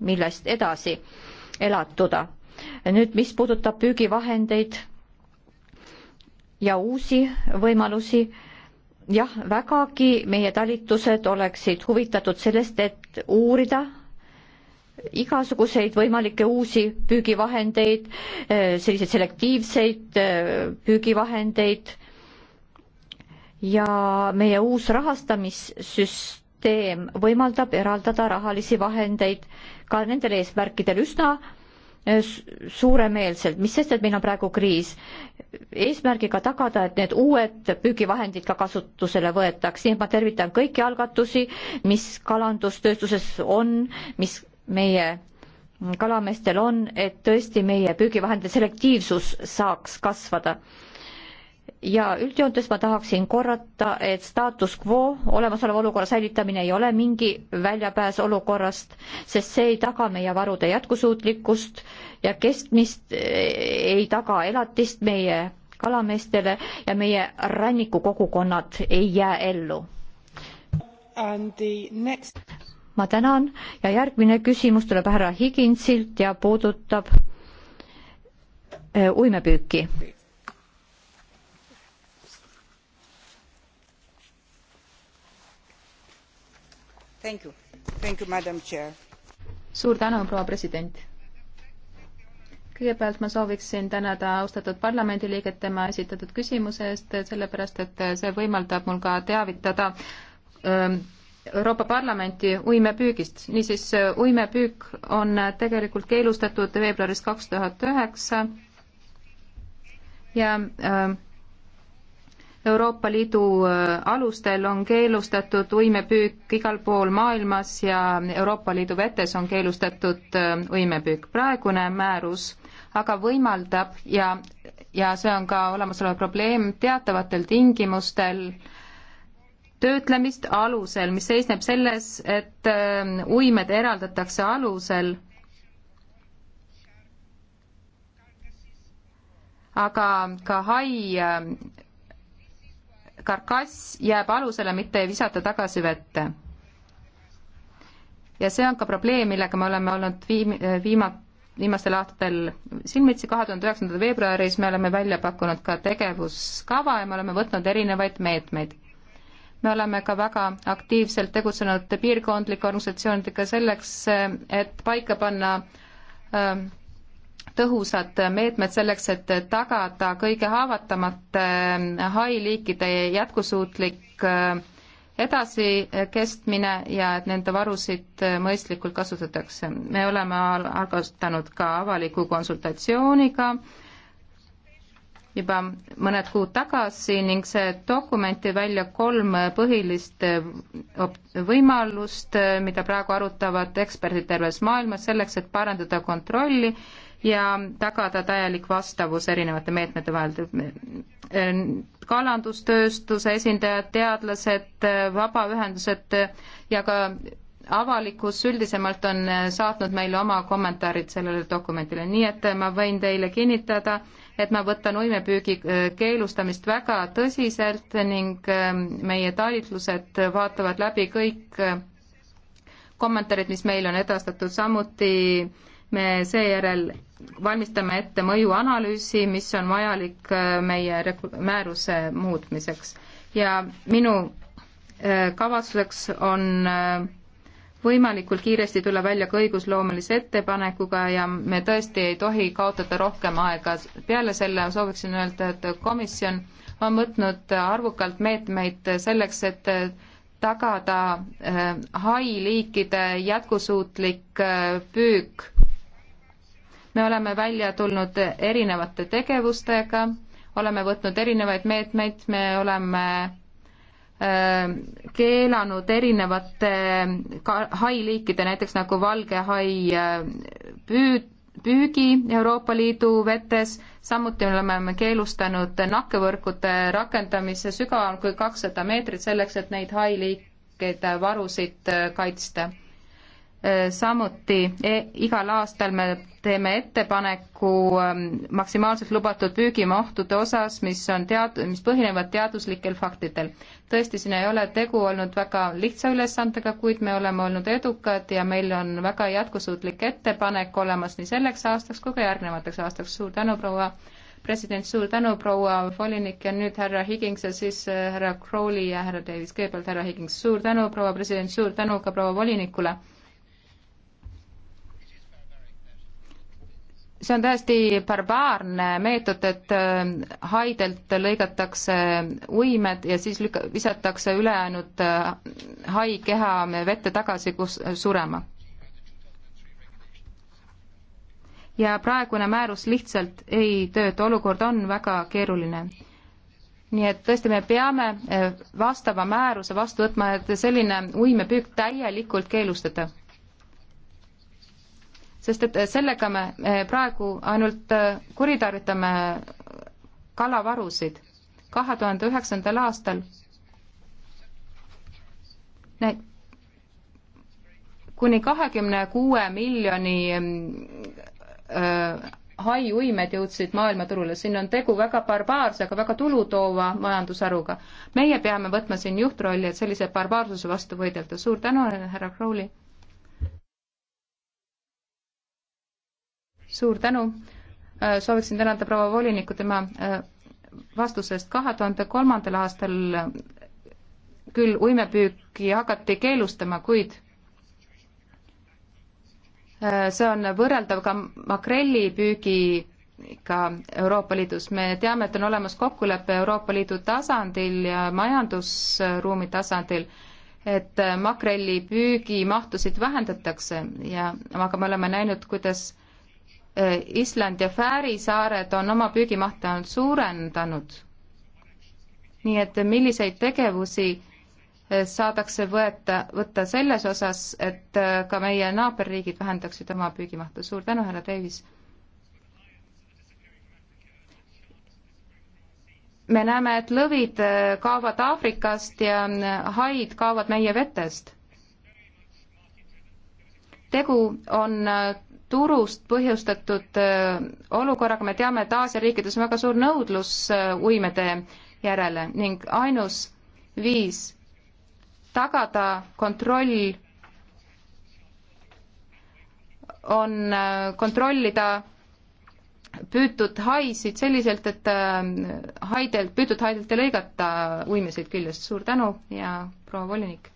millest edasi elatuda. nüüd, mis puudutab püügivahendeid ja uusi võimalusi, jah, vägagi meie talitused oleksid huvitatud sellest, et uurida igasuguseid võimalikke uusi püügivahendeid, selliseid selektiivseid püügivahendeid ja meie uus rahastamissüsteem võimaldab eraldada rahalisi vahendeid ka nendel eesmärkidel üsna Eh, suuremeelselt, mis sest, et meil on praegu kriis, eesmärgiga tagada, et need uued püügivahendid ka kasutusele võetaks, nii et ma tervitan kõiki algatusi, mis kalandustööstuses on, mis meie kalameestel on, et tõesti meie püügivahendite selektiivsus saaks kasvada ja üldjoontes ma tahaksin korrata, et staatus quo, olemasoleva olukorra säilitamine ei ole mingi väljapääs olukorrast, sest see ei taga meie varude jätkusuutlikkust ja kestmist, ei taga elatist meie kalameestele ja meie rannikukogukonnad ei jää ellu. Next... ma tänan ja järgmine küsimus tuleb härra Higinsilt ja puudutab äh, uimepüüki suur tänu, proua president. kõigepealt ma sooviksin tänada austatud parlamendiliiget tema esitatud küsimuse eest, sellepärast et see võimaldab mul ka teavitada öö, ähm, Euroopa Parlamenti uimepüügist. niisiis, uimepüük on tegelikult keelustatud veebruarist kaks tuhat üheksa ja öö, ähm, Euroopa Liidu äh, alustel on keelustatud uimepüük igal pool maailmas ja Euroopa Liidu vetes on keelustatud äh, uimepüük. praegune määrus aga võimaldab ja, ja see on ka olemasolev probleem, teatavatel tingimustel töötlemist alusel, mis seisneb selles, et äh, uimed eraldatakse alusel, aga ka hai karkass jääb alusele, mitte ei visata tagasi vette. ja see on ka probleem, millega me oleme olnud viim-, viima-, viimastel aastatel silmitsi, kahe tuhande üheksandal veebruaris me oleme välja pakkunud ka tegevuskava ja me oleme võtnud erinevaid meetmeid. me oleme ka väga aktiivselt tegutsenud piirkondlike organisatsioonidega selleks, et paika panna äh, tõhusad meetmed selleks, et tagada kõige haavatavamate eh, hailiikide jätkusuutlik eh, edasikestmine ja et nende varusid eh, mõistlikult kasutatakse. me oleme algatanud ka avaliku konsultatsiooniga juba mõned kuud tagasi ning see dokument tõi välja kolm põhilist võimalust, mida praegu arutavad eksperdid terves maailmas selleks, et parandada kontrolli ja tagada täielik vastavus erinevate meetmete vahel. kalandustööstuse esindajad, teadlased, vabaühendused ja ka avalikkus üldisemalt on saatnud meile oma kommentaarid sellele dokumendile, nii et ma võin teile kinnitada, et ma võtan uimepüügi äh, keelustamist väga tõsiselt ning ähm, meie talitlused vaatavad läbi kõik äh, kommentaarid, mis meile on edastatud, samuti me seejärel valmistame ette mõjuanalüüsi, mis on vajalik äh, meie määruse muutmiseks. ja minu äh, kavatsuseks on äh, võimalikult kiiresti tulla välja ka õigusloomelise ettepanekuga ja me tõesti ei tohi kaotada rohkem aega. peale selle sooviksin öelda, et komisjon on võtnud arvukalt meetmeid selleks, et tagada hai liikide jätkusuutlik püük me oleme välja tulnud erinevate tegevustega, oleme võtnud erinevaid meetmeid, me oleme äh, keelanud erinevate hailiikide, näiteks nagu valge hai äh, püüd, püügi Euroopa Liidu vetes, samuti oleme me keelustanud nakkevõrkude rakendamise sügavam kui kakssada meetrit selleks, et neid hailiikeid varusid äh, kaitsta. samuti e igal aastal me teeme ettepaneku ähm, maksimaalselt lubatud püügimahtude osas, mis on tead-, mis põhinevad teaduslikel faktidel. tõesti, siin ei ole tegu olnud väga lihtsa ülesandega, kuid me oleme olnud edukad ja meil on väga jätkusuutlik ettepanek olemas nii selleks aastaks kui ka järgnevateks aastaks. suur tänu, proua president, suur tänu, proua volinik ja nüüd härra Higins ja siis äh, härra Crowley ja härra Davis. kõigepealt härra Higins, suur tänu, proua president, suur tänu ka proua volinikule see on täiesti barbaarne meetod, et äh, haidelt lõigatakse uimed ja siis lükka-, visatakse ülejäänud äh, hai keha vette tagasi, kus äh, surema. ja praegune määrus lihtsalt ei tööta, olukord on väga keeruline. nii et tõesti, me peame vastava määruse vastu võtma, et selline uimepüük täielikult keelustada sest et sellega me praegu ainult äh, kuritarvitame kalavarusid. kahe tuhande üheksandal aastal ne, kuni kahekümne kuue miljoni mm, äh, hai-uimed jõudsid maailmaturule, siin on tegu väga barbaarse, aga väga tulutoova majandusharuga. meie peame võtma siin juhtrolli, et sellise barbaarsuse vastu võidelda. suur tänu, härra Crowley! suur tänu. Äh, sooviksin tänada proua volinikku tema äh, vastusest. kahe tuhande kolmandal aastal äh, küll uimepüüki hakati keelustama, kuid see on võrreldav ka makrellipüügiga Euroopa Liidus. me teame, et on olemas kokkulepe Euroopa Liidu tasandil ja majandusruumi tasandil, et makrellipüügi mahtusid vähendatakse ja, aga me oleme näinud, kuidas Äh, Island ja Fääri saared on oma püügimahte ainult suurendanud. nii et milliseid tegevusi äh, saadakse võeta, võtta selles osas, et äh, ka meie naaberriigid vähendaksid oma püügimahtu. suur tänu, härra Davis. me näeme, et lõvid kaovad Aafrikast ja haid kaovad meie vetest. tegu on turust põhjustatud äh, olukorraga, me teame, et Aasia riikides on väga suur nõudlus äh, uimede järele ning ainus viis tagada kontroll on äh, kontrollida püütud haisid selliselt, et haidelt, püütud haidelt ei lõigata uimeseid küljest. suur tänu ja proua volinik!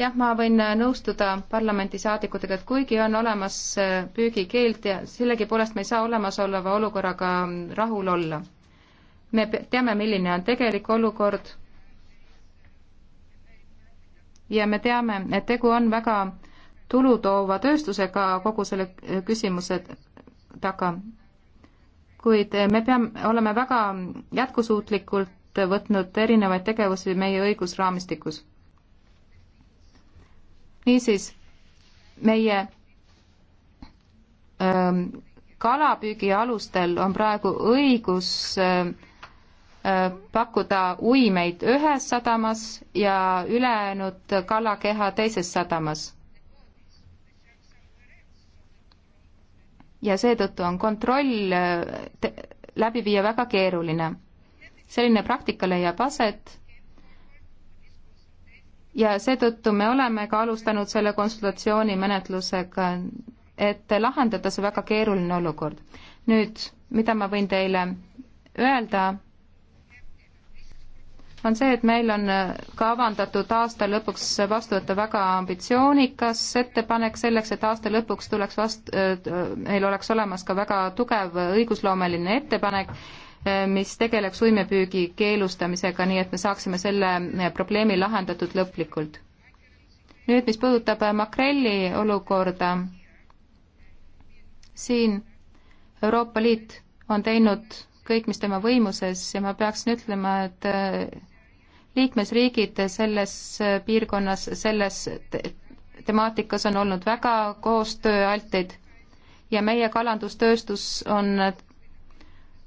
jah, ma võin äh, nõustuda parlamendisaadikutega, et kuigi on olemas äh, püügikeeld ja sellegipoolest me ei saa olemasoleva olukorraga mm, rahul olla. me teame, milline on tegelik olukord ja me teame, et tegu on väga tulutoova tööstusega kogu selle äh, küsimuse taga. kuid me peame, oleme väga jätkusuutlikult võtnud erinevaid tegevusi meie õigusraamistikus niisiis, meie ähm, kalapüügialustel on praegu õigus ähm, äh, pakkuda uimeid ühes sadamas ja ülejäänud kalakeha teises sadamas. ja seetõttu on kontroll äh, läbi viia väga keeruline. selline praktika leiab aset ja seetõttu me oleme ka alustanud selle konsultatsioonimenetlusega, et lahendada see väga keeruline olukord. nüüd, mida ma võin teile öelda, on see, et meil on kavandatud aasta lõpuks vastu võtta väga ambitsioonikas ettepanek selleks, et aasta lõpuks tuleks vast-, meil oleks olemas ka väga tugev õigusloomeline ettepanek, Eh, mis tegeleks võimepüügi keelustamisega, nii et me saaksime selle eh, probleemi lahendatud lõplikult. nüüd, mis puudutab eh, makrelli olukorda, siin Euroopa Liit on teinud kõik, mis tema võimuses ja ma peaksin ütlema, et liikmesriigid selles piirkonnas, selles temaatikas on olnud väga koostööaltid ja meie kalandustööstus on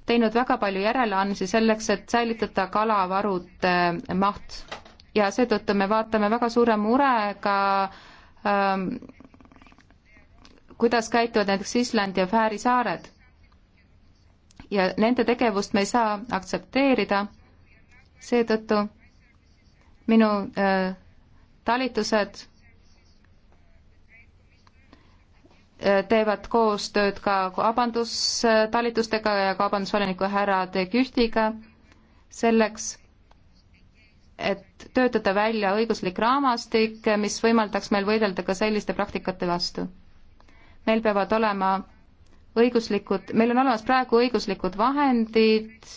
teinud väga palju järeleandmisi selleks, et säilitada kalavarude maht ja seetõttu me vaatame väga suure murega ähm, kuidas käituvad näiteks Island ja Fääri saared. ja nende tegevust me ei saa aktsepteerida, seetõttu minu äh, talitused teevad koostööd ka kaubandustalitustega ja kaubandusvoliniku härra De Kühtiga selleks, et töötada välja õiguslik raamistik, mis võimaldaks meil võidelda ka selliste praktikate vastu. meil peavad olema õiguslikud, meil on olemas praegu õiguslikud vahendid,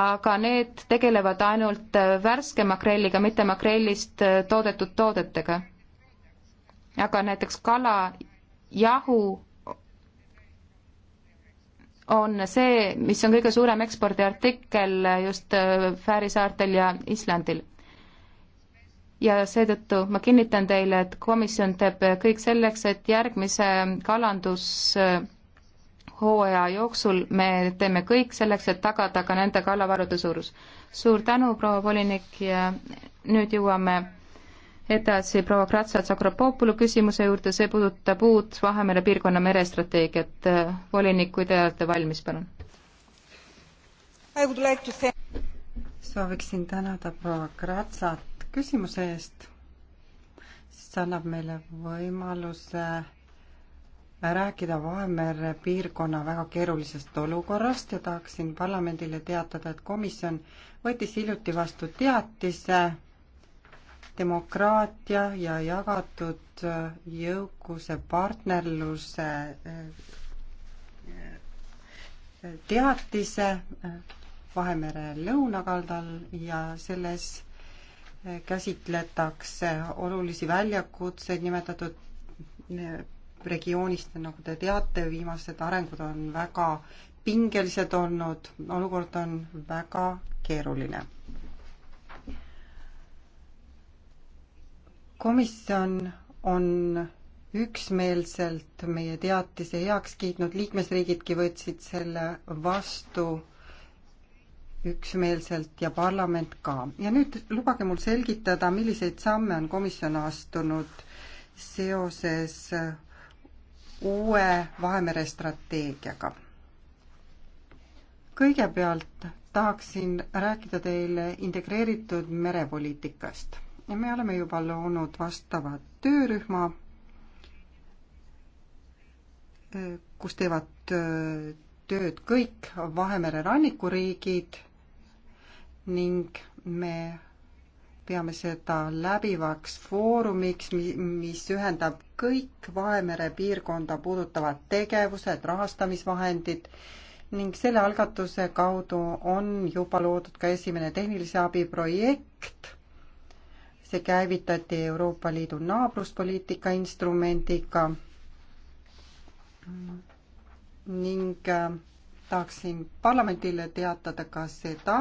aga need tegelevad ainult värske makrelliga, mitte makrellist toodetud toodetega aga näiteks kala jahu on see, mis on kõige suurem ekspordiartikkel just äh, Fääri saartel ja Islandil. ja seetõttu ma kinnitan teile, et komisjon teeb kõik selleks, et järgmise kalandushooaja jooksul me teeme kõik selleks, et tagada ka nende kalavarude suurus. suur tänu, proua volinik ja nüüd jõuame edasi proua Kratsa Tsakropoopolu küsimuse juurde, see puudutab uut Vahemere piirkonna merestrateegiat. volinik, kui te olete valmis, palun. sooviksin tänada proua Kratsat küsimuse eest, sest see annab meile võimaluse rääkida Vahemere piirkonna väga keerulisest olukorrast ja tahaksin parlamendile teatada, et komisjon võttis hiljuti vastu teatise demokraatia ja jagatud jõukuse partnerluse eh, teatise eh, Vahemere lõunakaldal ja selles eh, käsitletakse olulisi väljakutseid nimetatud regioonist, nagu te teate, viimased arengud on väga pingelised olnud, olukord on väga keeruline komisjon on üksmeelselt meie teatise heaks kiitnud, liikmesriigidki võtsid selle vastu üksmeelselt ja parlament ka. ja nüüd lubage mul selgitada, milliseid samme on komisjon astunud seoses uue Vahemere strateegiaga. kõigepealt tahaksin rääkida teile integreeritud merepoliitikast me oleme juba loonud vastava töörühma, kus teevad tööd kõik Vahemere rannikuriigid ning me peame seda läbivaks foorumiks, mis ühendab kõik Vahemere piirkonda puudutavad tegevused, rahastamisvahendid ning selle algatuse kaudu on juba loodud ka esimene tehnilise abi projekt see käivitati Euroopa Liidu naabruspoliitika instrumendiga ning äh, tahaksin parlamendile teatada ka seda,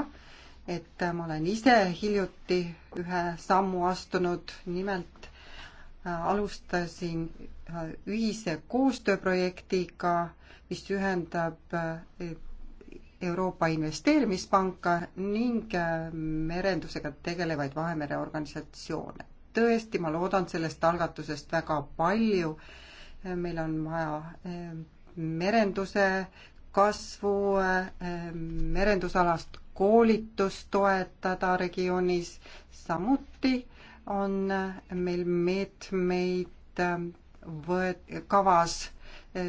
et ma olen ise hiljuti ühe sammu astunud, nimelt äh, alustasin äh, ühise koostööprojektiga, mis ühendab Euroopa Investeerimispanka ning äh, merendusega tegelevaid Vahemere organisatsioone. tõesti, ma loodan sellest algatusest väga palju. Äh, meil on vaja äh, merenduse kasvu, merendusalast koolitust toetada regioonis, samuti on meil meetmeid võet-, kavas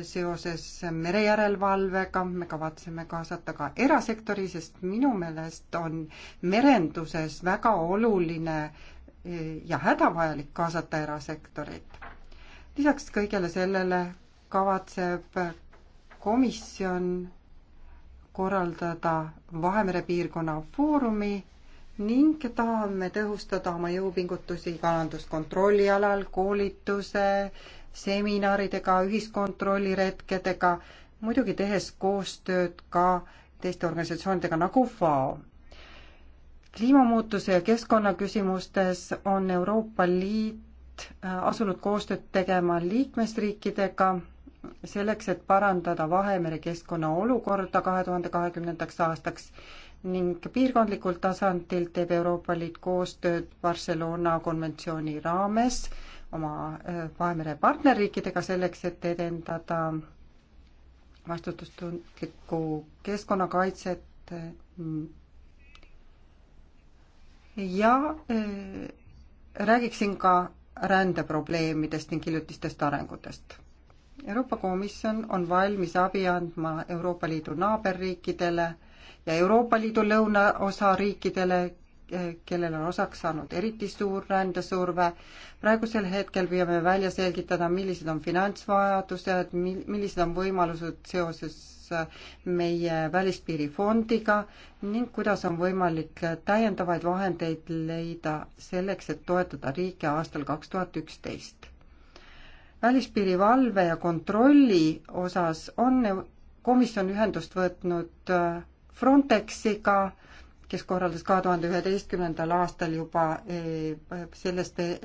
seoses merejärelevalvega, me kavatseme kaasata ka erasektori, sest minu meelest on merenduses väga oluline eh, ja hädavajalik kaasata erasektorit. lisaks kõigele sellele kavatseb komisjon korraldada Vahemere piirkonna foorumi ning tahame tõhustada oma jõupingutusi kalanduskontrolli alal, koolituse, seminaridega, ühiskontrolli retkedega, muidugi tehes koostööd ka teiste organisatsioonidega nagu FAO. kliimamuutuse ja keskkonnaküsimustes on Euroopa Liit äh, asunud koostööd tegema liikmesriikidega selleks, et parandada Vahemere keskkonna olukorda kahe tuhande kahekümnendaks aastaks ning piirkondlikul tasandil teeb Euroopa Liit koostööd Barcelona konventsiooni raames oma Vahemere partnerriikidega selleks, et edendada vastutustundlikku keskkonnakaitset ja räägiksin ka rändeprobleemidest ning hiljutistest arengutest. Euroopa Komisjon on valmis abi andma Euroopa Liidu naaberriikidele ja Euroopa Liidu lõunaosa riikidele, Eh, kellel on osaks saanud eriti suur rändesurve. praegusel hetkel püüame välja selgitada, millised on finantsvajadused, millised on võimalused seoses eh, meie välispiirifondiga ning kuidas on võimalik täiendavaid vahendeid leida selleks, et toetada riike aastal kaks tuhat üksteist. välispiirivalve ja kontrolli osas on komisjon ühendust võtnud eh, Frontexiga äh, kes korraldas kahe tuhande üheteistkümnendal aastal juba eh, selles eh,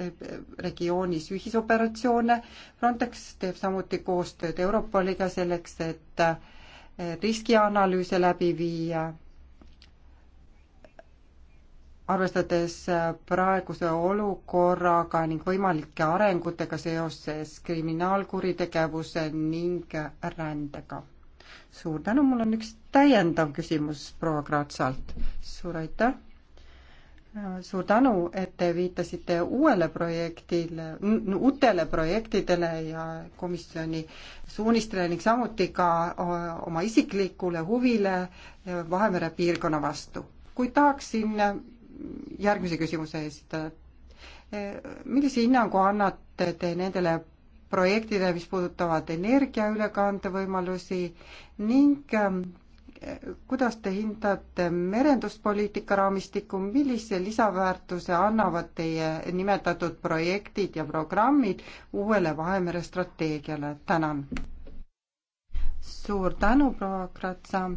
regioonis ühisoperatsioone. Frontex teeb samuti koostööd Europoliga selleks, et eh, riskianalüüse läbi viia. arvestades praeguse olukorraga ning võimalike arengutega seoses kriminaalkuritegevuse ning rändega. suur tänu, mul on üks täiendav küsimus proua Kraatsalt. suur aitäh! suur tänu, et te viitasite uuele projektile, uutele projektidele ja komisjoni suunistele ning samuti ka oma isiklikule huvile Vahemere piirkonna vastu. kuid tahaksin järgmise küsimuse esitada. millise hinnangu annate te nendele projektidele, mis puudutavad energiaülekandevõimalusi ning ähm, kuidas te hindate merenduspoliitika raamistikku, millise lisaväärtuse annavad teie nimetatud projektid ja programmid uuele Vahemere strateegiale? tänan. suur tänu, proua Kratsa.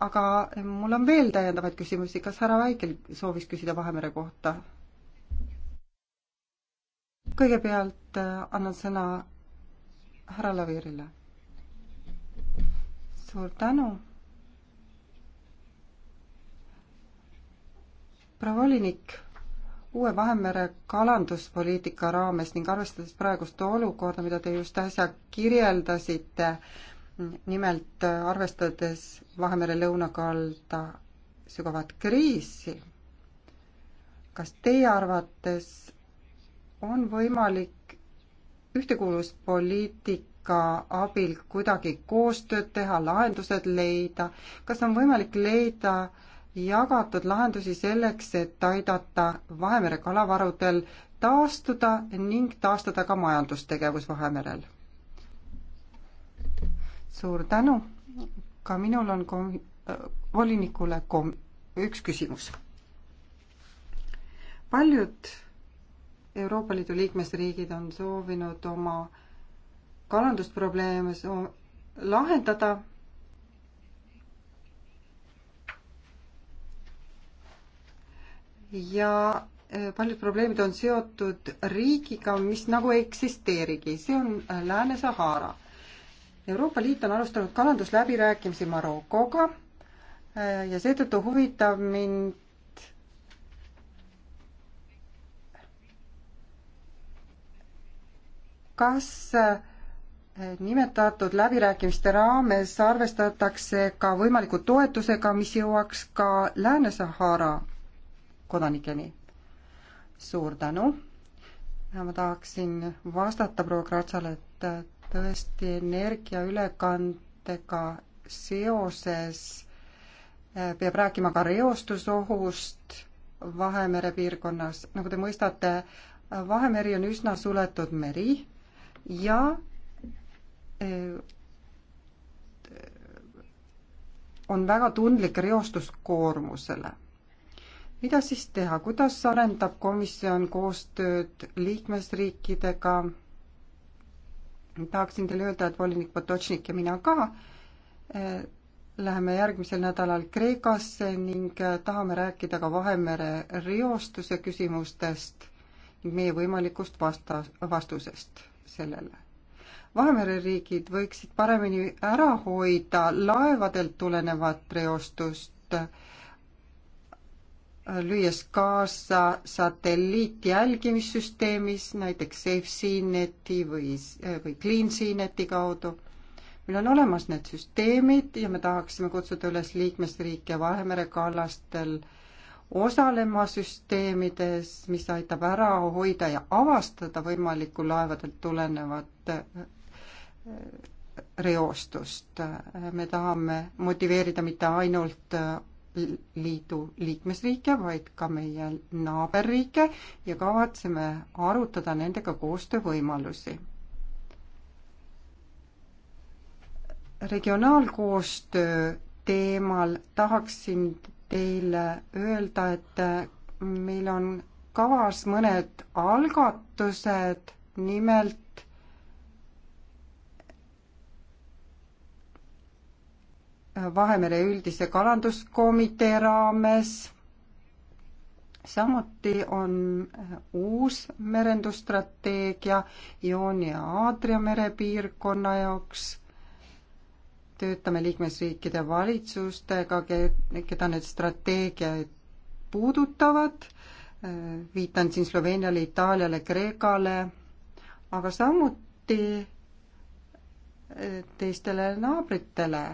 aga mul on veel täiendavaid küsimusi, kas härra Väikel soovis küsida Vahemere kohta? kõigepealt äh, annan sõna härra Lavirile suur tänu. proua volinik, uue Vahemere kalanduspoliitika raames ning arvestades praegust olukorda, mida te just äsja kirjeldasite, nimelt arvestades Vahemere lõunakalda sügavat kriisi, kas teie arvates on võimalik ühtekuuluvuspoliitika poliitika abil kuidagi koostööd teha, lahendused leida, kas on võimalik leida jagatud lahendusi selleks, et aidata Vahemere kalavarudel taastuda ning taastada ka majandustegevus Vahemerel? suur tänu, ka minul on kom-, volinikule kom-, üks küsimus. paljud Euroopa Liidu liikmesriigid on soovinud oma kalandusprobleeme lahendada. ja eh, paljud probleemid on seotud riigiga, mis nagu ei eksisteerigi, see on eh, Lääne-Sahara. Euroopa Liit on alustanud kalandusläbirääkimisi Marokoga eh, ja seetõttu huvitab mind kas nimetatud läbirääkimiste raames arvestatakse ka võimaliku toetusega, mis jõuaks ka Lääne-Sahara kodanikeni. suur tänu. ma tahaksin vastata proua Kratsale, et tõesti energiaülekandega seoses eh, peab rääkima ka reostusohust Vahemere piirkonnas. nagu te mõistate, Vahemeri on üsna suletud meri ja Äh, on väga tundlik reostuskoormusele. mida siis teha, kuidas arendab komisjon koostööd liikmesriikidega? tahaksin teile öelda, et volinik Potočnik ja mina ka äh, läheme järgmisel nädalal Kreekasse ning äh, tahame rääkida ka Vahemere reostuse küsimustest ning meie võimalikust vasta-, vastusest sellele Vahemere riigid võiksid paremini ära hoida laevadelt tulenevat reostust, lüües kaasa satelliitjälgimissüsteemis, näiteks SafeCNeti või, või CleanCNeti kaudu meil on olemas need süsteemid ja me tahaksime kutsuda üles liikmesriike Vahemere kallastel osalema süsteemides, mis aitab ära hoida ja avastada võimalikku laevadelt tulenevat reostust. me tahame motiveerida mitte ainult liidu liikmesriike, vaid ka meie naaberriike ja kavatseme arutada nendega koostöövõimalusi. regionaalkoostöö teemal tahaksin teile öelda, et meil on kavas mõned algatused, nimelt Vahemere üldise kalanduskomitee raames. samuti on uus merendusstrateegia Jooni ja Aadria merepiirkonna jaoks. töötame liikmesriikide valitsustega, keda need strateegiad puudutavad. viitan siin Sloveeniale, Itaaliale, Kreekale, aga samuti teistele naabritele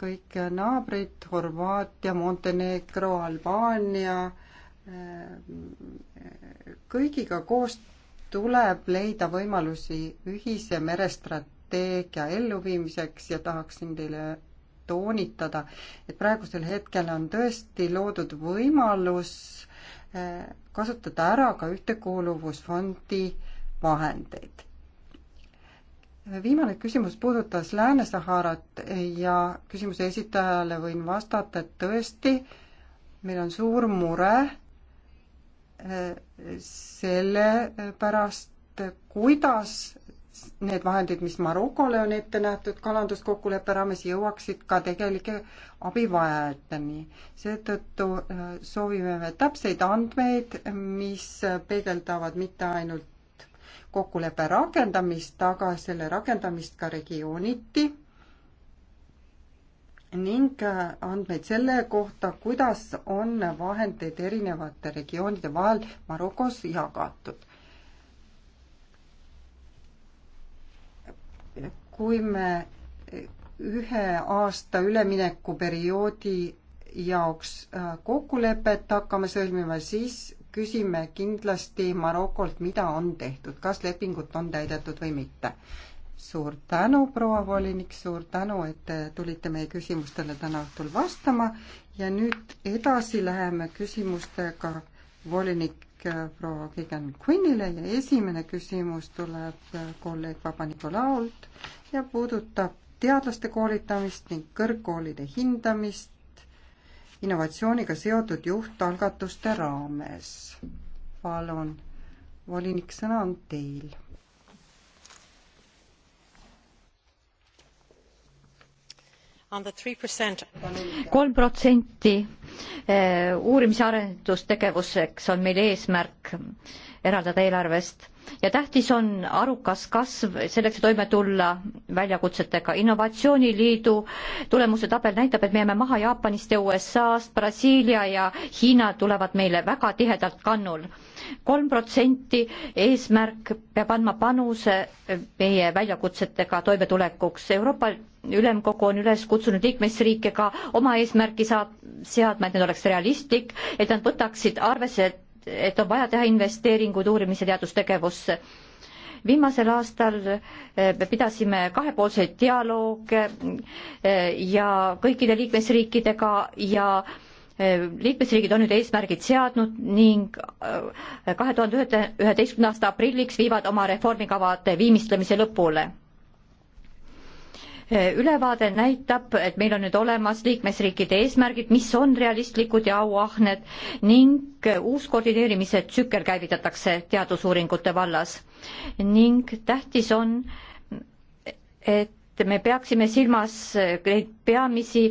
kõik naabrid, Horvaatia, Montenegro, Albaania, kõigiga koos tuleb leida võimalusi ühise merestrateegia elluviimiseks ja tahaksin teile toonitada, et praegusel hetkel on tõesti loodud võimalus eh, kasutada ära ka ühtekuuluvusfondi vahendeid viimane küsimus puudutas Lääne-Saharat ja küsimuse esitajale võin vastata, et tõesti, meil on suur mure eh, selle pärast, kuidas need vahendid, mis Marokole on ette nähtud kalanduskokkuleppe raames, jõuaksid ka tegelike abivajajateni. seetõttu eh, soovime me täpseid andmeid, mis peegeldavad mitte ainult kokkuleppe rakendamist, aga selle rakendamist ka regiooniti ning äh, andmeid selle kohta, kuidas on vahendeid erinevate regioonide vahel Marokos jagatud. kui me ühe aasta üleminekuperioodi jaoks äh, kokkulepet hakkame sõlmima, siis küsime kindlasti Marokolt, mida on tehtud, kas lepingut on täidetud või mitte. suur tänu, proua volinik, suur tänu, et te tulite meie küsimustele täna õhtul vastama ja nüüd edasi läheme küsimustega volinik äh, proua Kegan Quinnile ja esimene küsimus tuleb äh, kolleeg Papa-Nikolault ja puudutab teadlaste koolitamist ning kõrgkoolide hindamist innovatsiooniga seotud juhtalgatuste raames. palun, volinik, sõna on teil kolm protsenti eh, uurimis ja arendustegevuseks on meil eesmärk eraldada eelarvest ja tähtis on arukas kasv selleks, et toime tulla väljakutsetega. innovatsiooniliidu tulemuste tabel näitab, et me jääme maha Jaapanist ja USA-st, Brasiilia ja Hiina tulevad meile väga tihedalt kannul. kolm protsenti eesmärk peab andma panuse meie väljakutsetega toimetulekuks. Euroopa Ülemkogu on üles kutsunud liikmesriike ka oma eesmärki saab, seadma, et need oleks realistlik, et nad võtaksid arvesse, et et on vaja teha investeeringuid uurimis- ja teadustegevusse. viimasel aastal eh, me pidasime kahepoolseid dialoog eh, ja kõikide liikmesriikidega ja eh, liikmesriigid on nüüd eesmärgid seadnud ning kahe tuhande üheteistkümnenda aasta aprilliks viivad oma reformikavade viimistlemise lõpule Eh, ülevaade näitab, et meil on nüüd olemas liikmesriikide eesmärgid, mis on realistlikud ja auahned ning eh, uus koordineerimise tsükkel käivitatakse teadusuuringute vallas. ning tähtis on, et me peaksime silmas eh, neid peamisi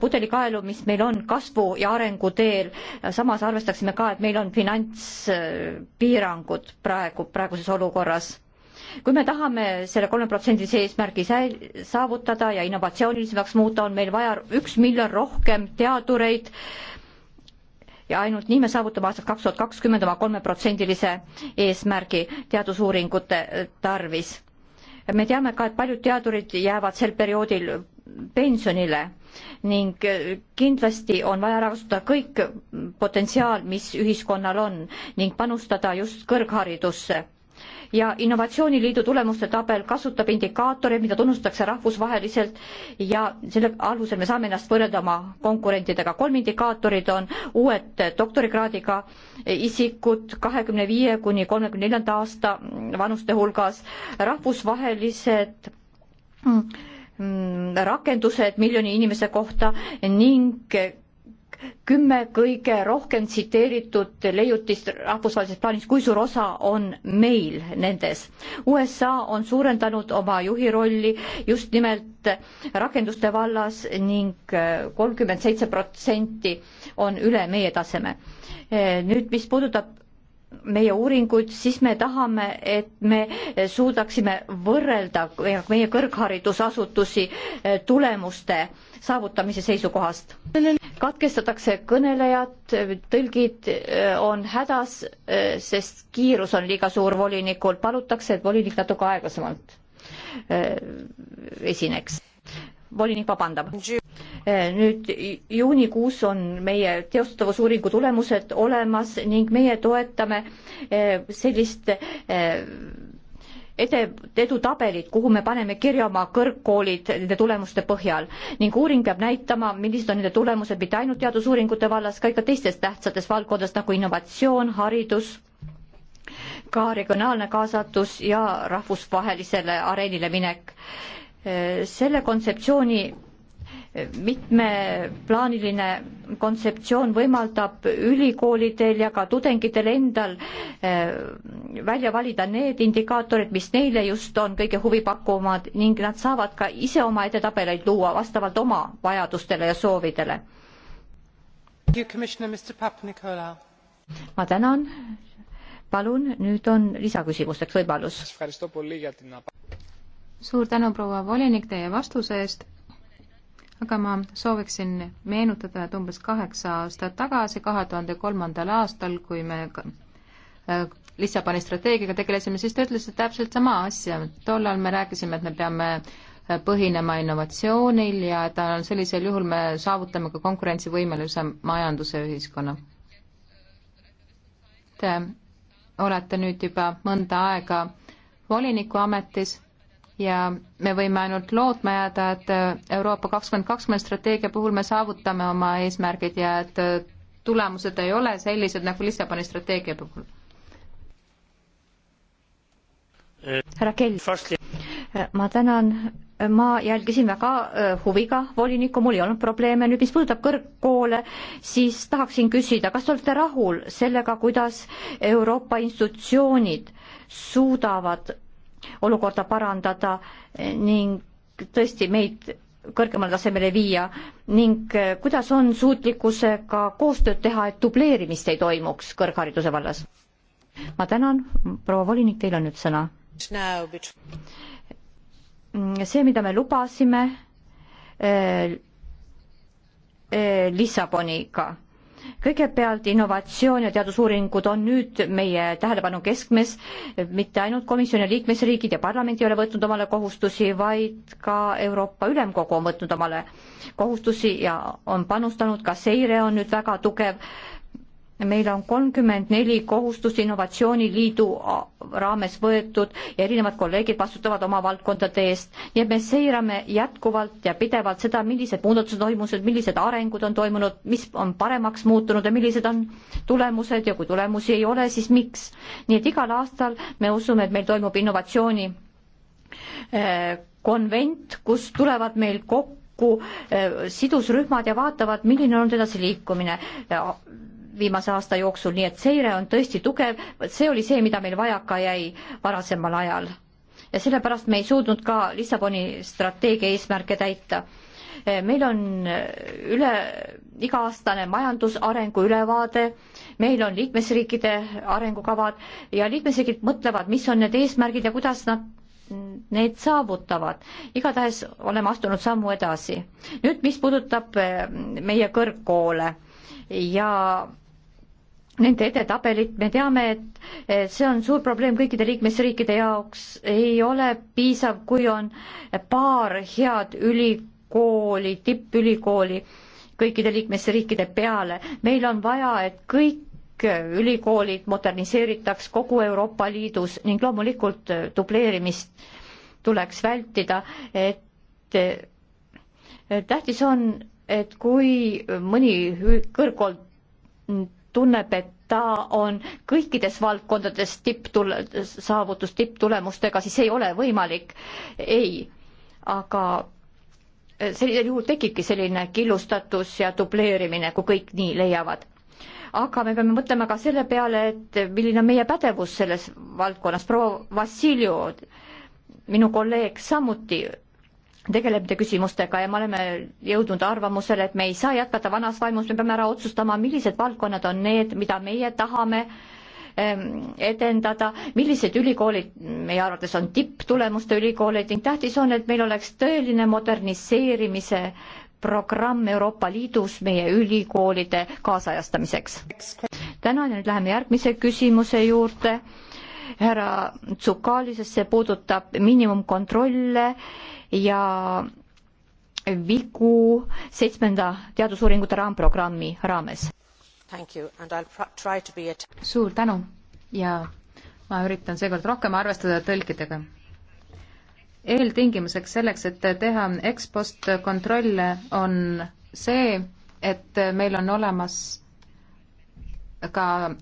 pudelikaelu, mis meil on kasvu ja arengu teel, samas arvestaksime ka, et meil on finantspiirangud praegu, praeguses olukorras kui me tahame selle kolmeprotsendilise eesmärgi saavutada ja innovatsioonilisemaks muuta, on meil vaja üks miljon rohkem teadureid ja ainult nii me saavutame aastaks kaks tuhat kakskümmend oma kolmeprotsendilise eesmärgi teadusuuringute tarvis. me teame ka, et paljud teadurid jäävad sel perioodil pensionile ning kindlasti on vaja ära kasutada kõik potentsiaal, mis ühiskonnal on ning panustada just kõrgharidusse ja Innovatsiooniliidu tulemuste tabel kasutab indikaatoreid, mida tunnustatakse rahvusvaheliselt ja selle alusel me saame ennast võrrelda oma konkurentidega. kolm indikaatorit on uued doktorikraadiga isikud kahekümne viie kuni kolmekümne neljanda aasta vanuste hulgas, rahvusvahelised mm, rakendused miljoni inimese kohta ning kümme kõige rohkem tsiteeritud leiutist rahvusvahelises plaanis, kui suur osa on meil nendes. USA on suurendanud oma juhi rolli just nimelt rakenduste vallas ning kolmkümmend seitse protsenti on üle meie taseme. nüüd, mis puudutab meie uuringuid, siis me tahame, et me suudaksime võrrelda meie kõrgharidusasutusi eh, tulemuste saavutamise seisukohast. katkestatakse kõnelejad, tõlgid eh, on hädas, eh, sest kiirus on liiga suur volinikul, palutakse, et volinik natuke aeglasemalt esineks. volinik vabandab. Eh, nüüd juunikuus on meie teostatavusuuringu tulemused olemas ning meie toetame eh, sellist eh, ede, edutabelit, kuhu me paneme kirja oma kõrgkoolid nende tulemuste põhjal ning uuring peab näitama, millised on nende tulemused mitte ainult teadusuuringute vallas, ka ikka teistes tähtsates valdkondades nagu innovatsioon, haridus, ka regionaalne kaasatus ja rahvusvahelisele areenile minek. selle kontseptsiooni mitmeplaaniline kontseptsioon võimaldab ülikoolidel ja ka tudengitel endal eh, välja valida need indikaatorid, mis neile just on kõige huvipakkumad ning nad saavad ka ise oma edetabeleid luua vastavalt oma vajadustele ja soovidele. ma tänan. palun, nüüd on lisaküsimusteks võimalus. suur tänu, proua volinik, teie vastuse eest aga ma sooviksin meenutada, et umbes kaheksa aastat tagasi, kahe tuhande kolmandal aastal, kui me äh, Lissaboni strateegiaga tegelesime, siis te ütlesite täpselt sama asja. tollal me rääkisime, et me peame äh, põhinema innovatsioonil ja et sellisel juhul me saavutame ka konkurentsivõimelise majanduse ühiskonna. Te olete nüüd juba mõnda aega volinikuametis ja me võime ainult lootma jääda, et Euroopa kakskümmend kakskümmend strateegia puhul me saavutame oma eesmärgid ja et tulemused ei ole sellised nagu Lissaboni strateegia puhul. härra Kell, ma tänan, ma jälgisin väga äh, huviga volinikku, mul ei olnud probleeme, nüüd mis puudutab kõrgkoole, siis tahaksin küsida, kas te olete rahul sellega, kuidas Euroopa institutsioonid suudavad olukorda parandada ning tõesti meid kõrgemale tasemele viia ning eh, kuidas on suutlikkusega koostööd teha, et dubleerimist ei toimuks kõrghariduse vallas? ma tänan, proua volinik, teil on nüüd sõna. see, mida me lubasime eh, eh, Lissaboniga kõigepealt innovatsioon ja teadusuuringud on nüüd meie tähelepanu keskmes, mitte ainult komisjoni liikmesriigid ja parlament ei ole võtnud omale kohustusi, vaid ka Euroopa Ülemkogu on võtnud omale kohustusi ja on panustanud, ka seire on nüüd väga tugev meil on kolmkümmend neli kohustust Innovatsiooniliidu raames võetud ja erinevad kolleegid vastutavad oma valdkondade eest. nii et me seirame jätkuvalt ja pidevalt seda, millised muudatused toimusid, millised arengud on toimunud, mis on paremaks muutunud ja millised on tulemused ja kui tulemusi ei ole, siis miks. nii et igal aastal me usume, et meil toimub innovatsiooni äh, konvent, kus tulevad meil kokku äh, sidusrühmad ja vaatavad, milline on edasiliikumine viimase aasta jooksul, nii et seire on tõesti tugev, see oli see, mida meil vajaka jäi varasemal ajal. ja sellepärast me ei suutnud ka Lissaboni strateegia eesmärke täita. Eh, meil on üle, iga-aastane majandusarengu ülevaade, meil on liikmesriikide arengukavad ja liikmesriigid mõtlevad, mis on need eesmärgid ja kuidas nad need saavutavad. igatahes oleme astunud sammu edasi. nüüd, mis puudutab eh, meie kõrgkoole ja nende edetabelit, me teame, et see on suur probleem kõikide liikmesriikide jaoks, ei ole piisav, kui on paar head ülikooli, tippülikooli kõikide liikmesriikide peale. meil on vaja, et kõik ülikoolid moderniseeritaks kogu Euroopa Liidus ning loomulikult dubleerimist tuleks vältida, et tähtis on, et kui mõni kõrgkool tunneb, et ta on kõikides valdkondades tipptul-, saavutus tipptulemustega, siis ei ole võimalik. ei, aga eh, sellisel juhul tekibki selline killustatus ja dubleerimine, kui kõik nii leiavad. aga me peame mõtlema ka selle peale, et milline on meie pädevus selles valdkonnas, proua Vassiljev, minu kolleeg samuti tegeleb küsimustega ja me oleme jõudnud arvamusele, et me ei saa jätkata vanas vaimus, me peame ära otsustama, millised valdkonnad on need, mida meie tahame ehm, edendada, millised ülikoolid meie arvates on tipptulemuste ülikoolid ning tähtis on, et meil oleks tõeline moderniseerimise programm Euroopa Liidus meie ülikoolide kaasajastamiseks. tänan ja nüüd läheme järgmise küsimuse juurde. härra Tsukalisest, see puudutab miinimumkontrolle ja vigu seitsmenda teadusuuringute raamprogrammi raames. suur tänu ja ma üritan seekord rohkem arvestada tõlkidega. eeltingimuseks selleks, et teha ekspost kontrolle, on see, et meil on olemas ka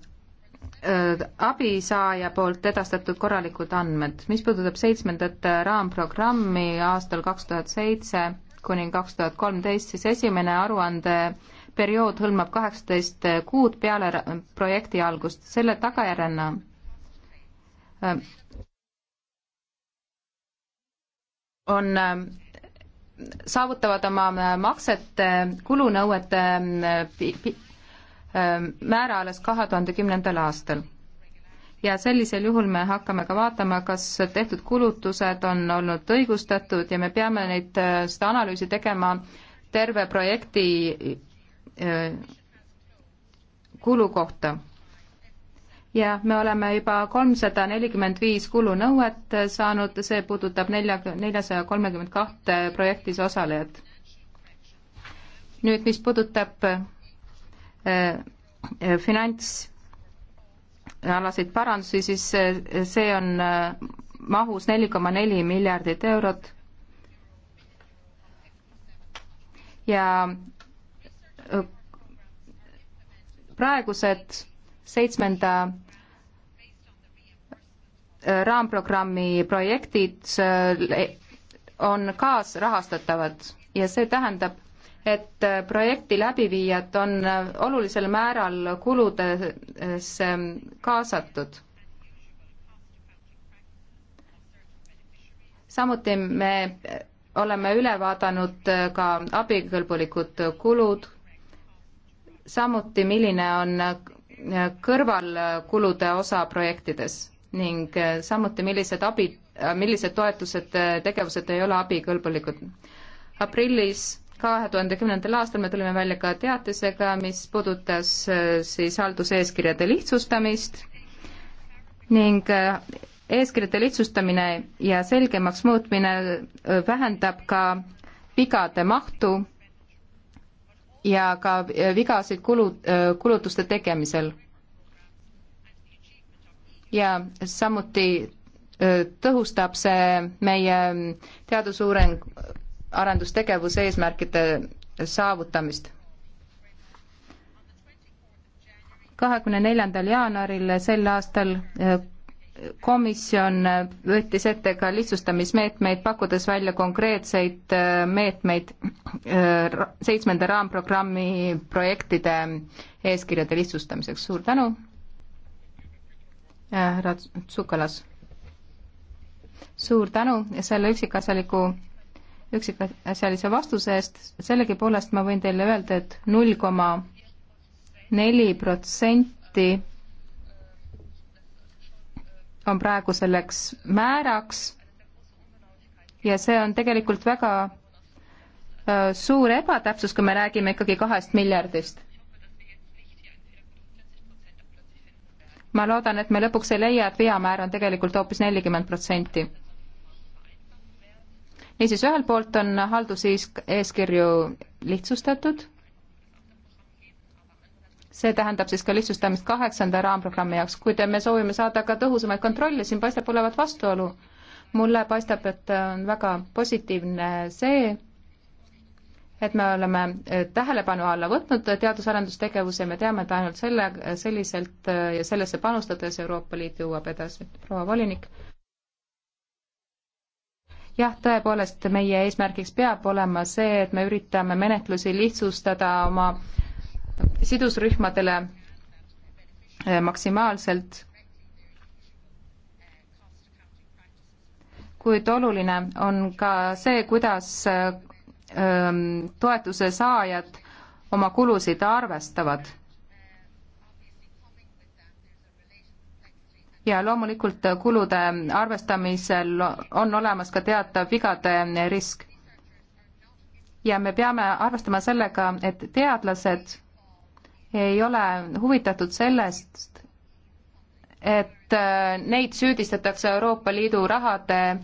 Äh, abisaaja poolt edastatud korralikud andmed. mis puudutab seitsmendat äh, raamprogrammi aastal kaks tuhat seitse kuni kaks tuhat kolmteist, siis esimene aruandeperiood hõlmab kaheksateist äh, kuud peale projekti algust. selle tagajärjena on saavutavad oma maksete kulunõuete määra alles kahe tuhande kümnendal aastal. ja sellisel juhul me hakkame ka vaatama, kas tehtud kulutused on olnud õigustatud ja me peame neid, seda analüüsi tegema terve projekti kulu kohta. ja me oleme juba kolmsada nelikümmend viis kulunõuet saanud, see puudutab nelja, neljasaja kolmekümmend kahte projektis osalejat. nüüd, mis puudutab Äh, finantsalaseid parandusi, siis äh, see on äh, mahus neli koma neli miljardit eurot ja praegused seitsmenda raamprogrammi projektid on kaasrahastatavad ja see tähendab, et äh, projekti läbiviijad on äh, olulisel määral kuludesse ähm, kaasatud. samuti me äh, oleme üle vaadanud ka abikõlbulikud kulud, samuti milline on kõrvalkulude osa projektides ning samuti millised abi, millised toetused, tegevused ei ole abikõlbulikud. aprillis kahe tuhande kümnendal aastal me tulime välja ka teatisega, mis puudutas äh, siis halduseeskirjade lihtsustamist ning äh, eeskirjade lihtsustamine ja selgemaks muutmine äh, vähendab ka vigade mahtu ja ka vigasid kulu, kulutuste tegemisel. ja samuti tõhustab see meie teadusuuring, arendustegevuse eesmärkide saavutamist. kahekümne neljandal jaanuaril sel aastal eh, komisjon eh, võttis ette ka lihtsustamismeetmeid, pakkudes välja konkreetseid eh, meetmeid seitsmenda raamprogrammi projektide eeskirjade lihtsustamiseks. suur tänu, härra Tsukalas! suur tänu selle üksikasjaliku üksikasjalise vastuse eest, sellegipoolest ma võin teile öelda, et null koma neli protsenti on praegu selleks määraks ja see on tegelikult väga äh, suur ebatäpsus, kui me räägime ikkagi kahest miljardist ma loodan, et me lõpuks ei leia, et veamäär on tegelikult hoopis nelikümmend protsenti niisiis, ühelt poolt on halduseeskirju lihtsustatud, see tähendab siis ka lihtsustamist kaheksanda raamprogrammi jaoks, kuid me soovime saada ka tõhusamaid kontrolle, siin paistab olevat vastuolu. mulle paistab, et on väga positiivne see, et me oleme eh, tähelepanu alla võtnud teadus-arendustegevuse, me teame, et ainult selle, selliselt eh, ja sellesse panustades Euroopa Liit jõuab edasi. proua volinik jah, tõepoolest meie eesmärgiks peab olema see, et me üritame menetlusi lihtsustada oma sidusrühmadele eh, maksimaalselt. kuid oluline on ka see, kuidas eh, ehm, toetuse saajad oma kulusid arvestavad ja loomulikult kulude arvestamisel on olemas ka teatav vigade risk. ja me peame arvestama sellega, et teadlased ei ole huvitatud sellest, et äh, neid süüdistatakse Euroopa Liidu rahade äh,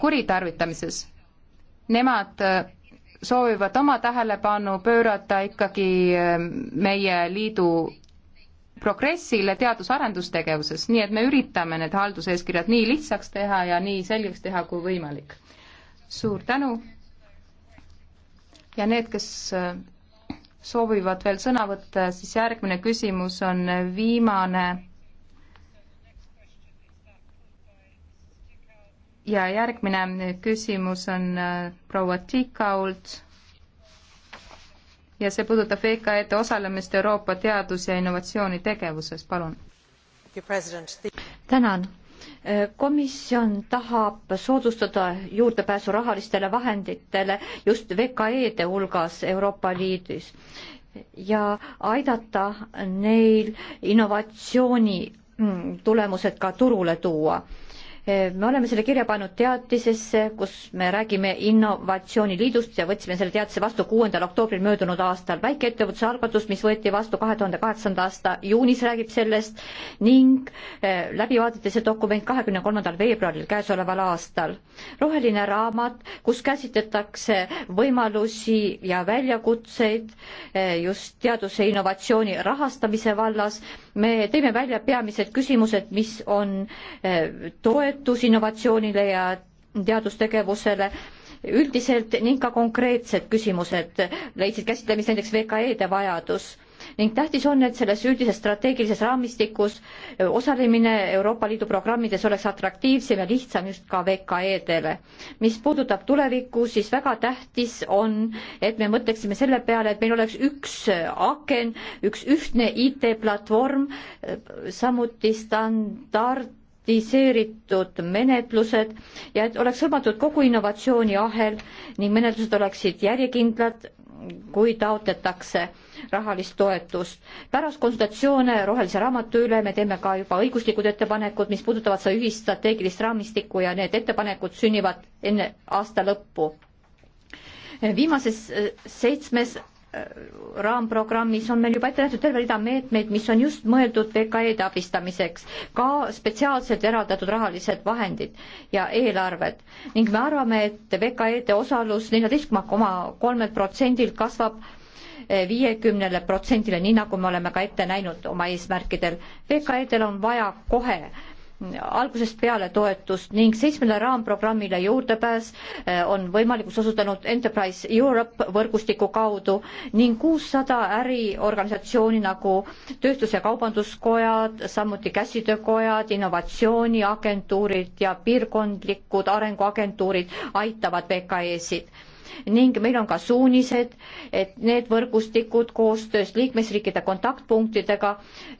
kuritarvitamises. Nemad äh, soovivad oma tähelepanu pöörata ikkagi meie liidu progressile teadus-arendustegevuses, nii et me üritame need halduseeskirjad nii lihtsaks teha ja nii selgeks teha kui võimalik. suur tänu ja need, kes äh, soovivad veel sõna võtta, siis järgmine küsimus on viimane. ja järgmine küsimus on äh, proua Tikault ja see puudutab VKE-de osalemist Euroopa teadus- ja innovatsioonitegevuses, palun. tänan. Äh, komisjon tahab soodustada juurdepääsu rahalistele vahenditele just VKE-de hulgas Euroopa Liidus ja aidata neil innovatsiooni mm, tulemused ka turule tuua Eh, me oleme selle kirja pannud teatisesse, kus me räägime innovatsiooniliidust ja võtsime selle teatise vastu kuuendal oktoobril möödunud aastal. väikeettevõtluse algatus, mis võeti vastu kahe tuhande kaheksanda aasta juunis, räägib sellest ning eh, läbi vaadati see dokument kahekümne kolmandal veebruaril käesoleval aastal. roheline raamat, kus käsitletakse võimalusi ja väljakutseid eh, just teaduse innovatsiooni rahastamise vallas. me tõime välja peamised küsimused, mis on toetatud toetus innovatsioonile ja teadustegevusele üldiselt ning ka konkreetsed küsimused leidsid käsitlemist, näiteks VKE-de vajadus ning tähtis on, et selles üldises strateegilises raamistikus osalemine Euroopa Liidu programmides oleks atraktiivsem ja lihtsam just ka VKE-dele. mis puudutab tulevikku, siis väga tähtis on, et me mõtleksime selle peale, et meil oleks üks aken, üks ühtne IT-platvorm, samuti standard standardiseeritud menetlused ja et oleks hõlmatud kogu innovatsiooniahel ning menetlused oleksid järjekindlad, kui taotletakse rahalist toetust. pärast konsultatsioone rohelise raamatu üle me teeme ka juba õiguslikud ettepanekud, mis puudutavad seda ühist strateegilist raamistikku ja need ettepanekud sünnivad enne aasta lõppu. viimases seitsmes raamprogrammis on meil juba ette nähtud terve rida meetmeid, mis on just mõeldud VKE-de abistamiseks, ka spetsiaalselt eraldatud rahalised vahendid ja eelarved ning me arvame, et VKE-de osalus neljateistkümne koma kolmelt protsendilt kasvab eh, viiekümnele protsendile, nii nagu me oleme ka ette näinud oma eesmärkidel. VKE-del on vaja kohe algusest peale toetust ning seitsmele raamprogrammile juurdepääs eh, on võimalikuks osutanud Enterprise Europe võrgustiku kaudu ning kuussada äriorganisatsiooni nagu Tööstus- ja Kaubanduskojad, samuti käsitöökojad, innovatsiooniagentuurid ja piirkondlikud arenguagentuurid aitavad VKE-sid ning meil on ka suunised, et need võrgustikud koostöös liikmesriikide kontaktpunktidega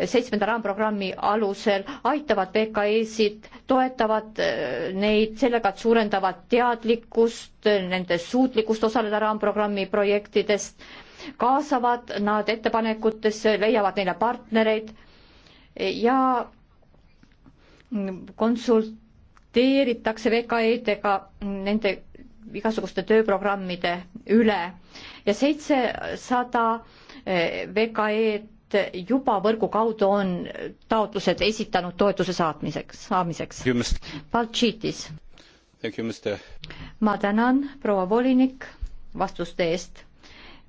seitsmenda raamprogrammi alusel aitavad VKE-sid, toetavad äh, neid sellega, et suurendavad teadlikkust, nende suutlikkust osaleda raamprogrammi projektidest, kaasavad nad ettepanekutesse, leiavad neile partnereid ja konsult-, konsulteeritakse VKE-dega nende igasuguste tööprogrammide üle ja seitsesada eh, VKE-d juba võrgu kaudu on taotlused esitanud toetuse saatmiseks, saamiseks. Baltšiitis. ma tänan, proua volinik, vastuste eest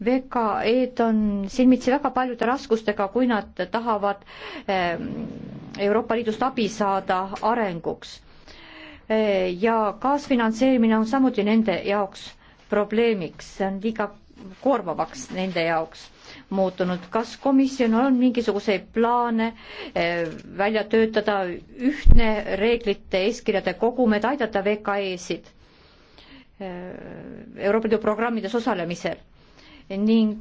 VKE-d on silmitsi väga paljude raskustega, kui nad tahavad eh, Euroopa Liidust abi saada arenguks. Eh, ja kaasfinantseerimine on samuti nende jaoks probleemiks, see on liiga koormavaks nende jaoks muutunud. kas komisjon on mingisuguseid plaane eh, välja töötada ühtne reeglite, eeskirjade kogum, et aidata VKE-sid eh, Euroopa Liidu programmides osalemisel ning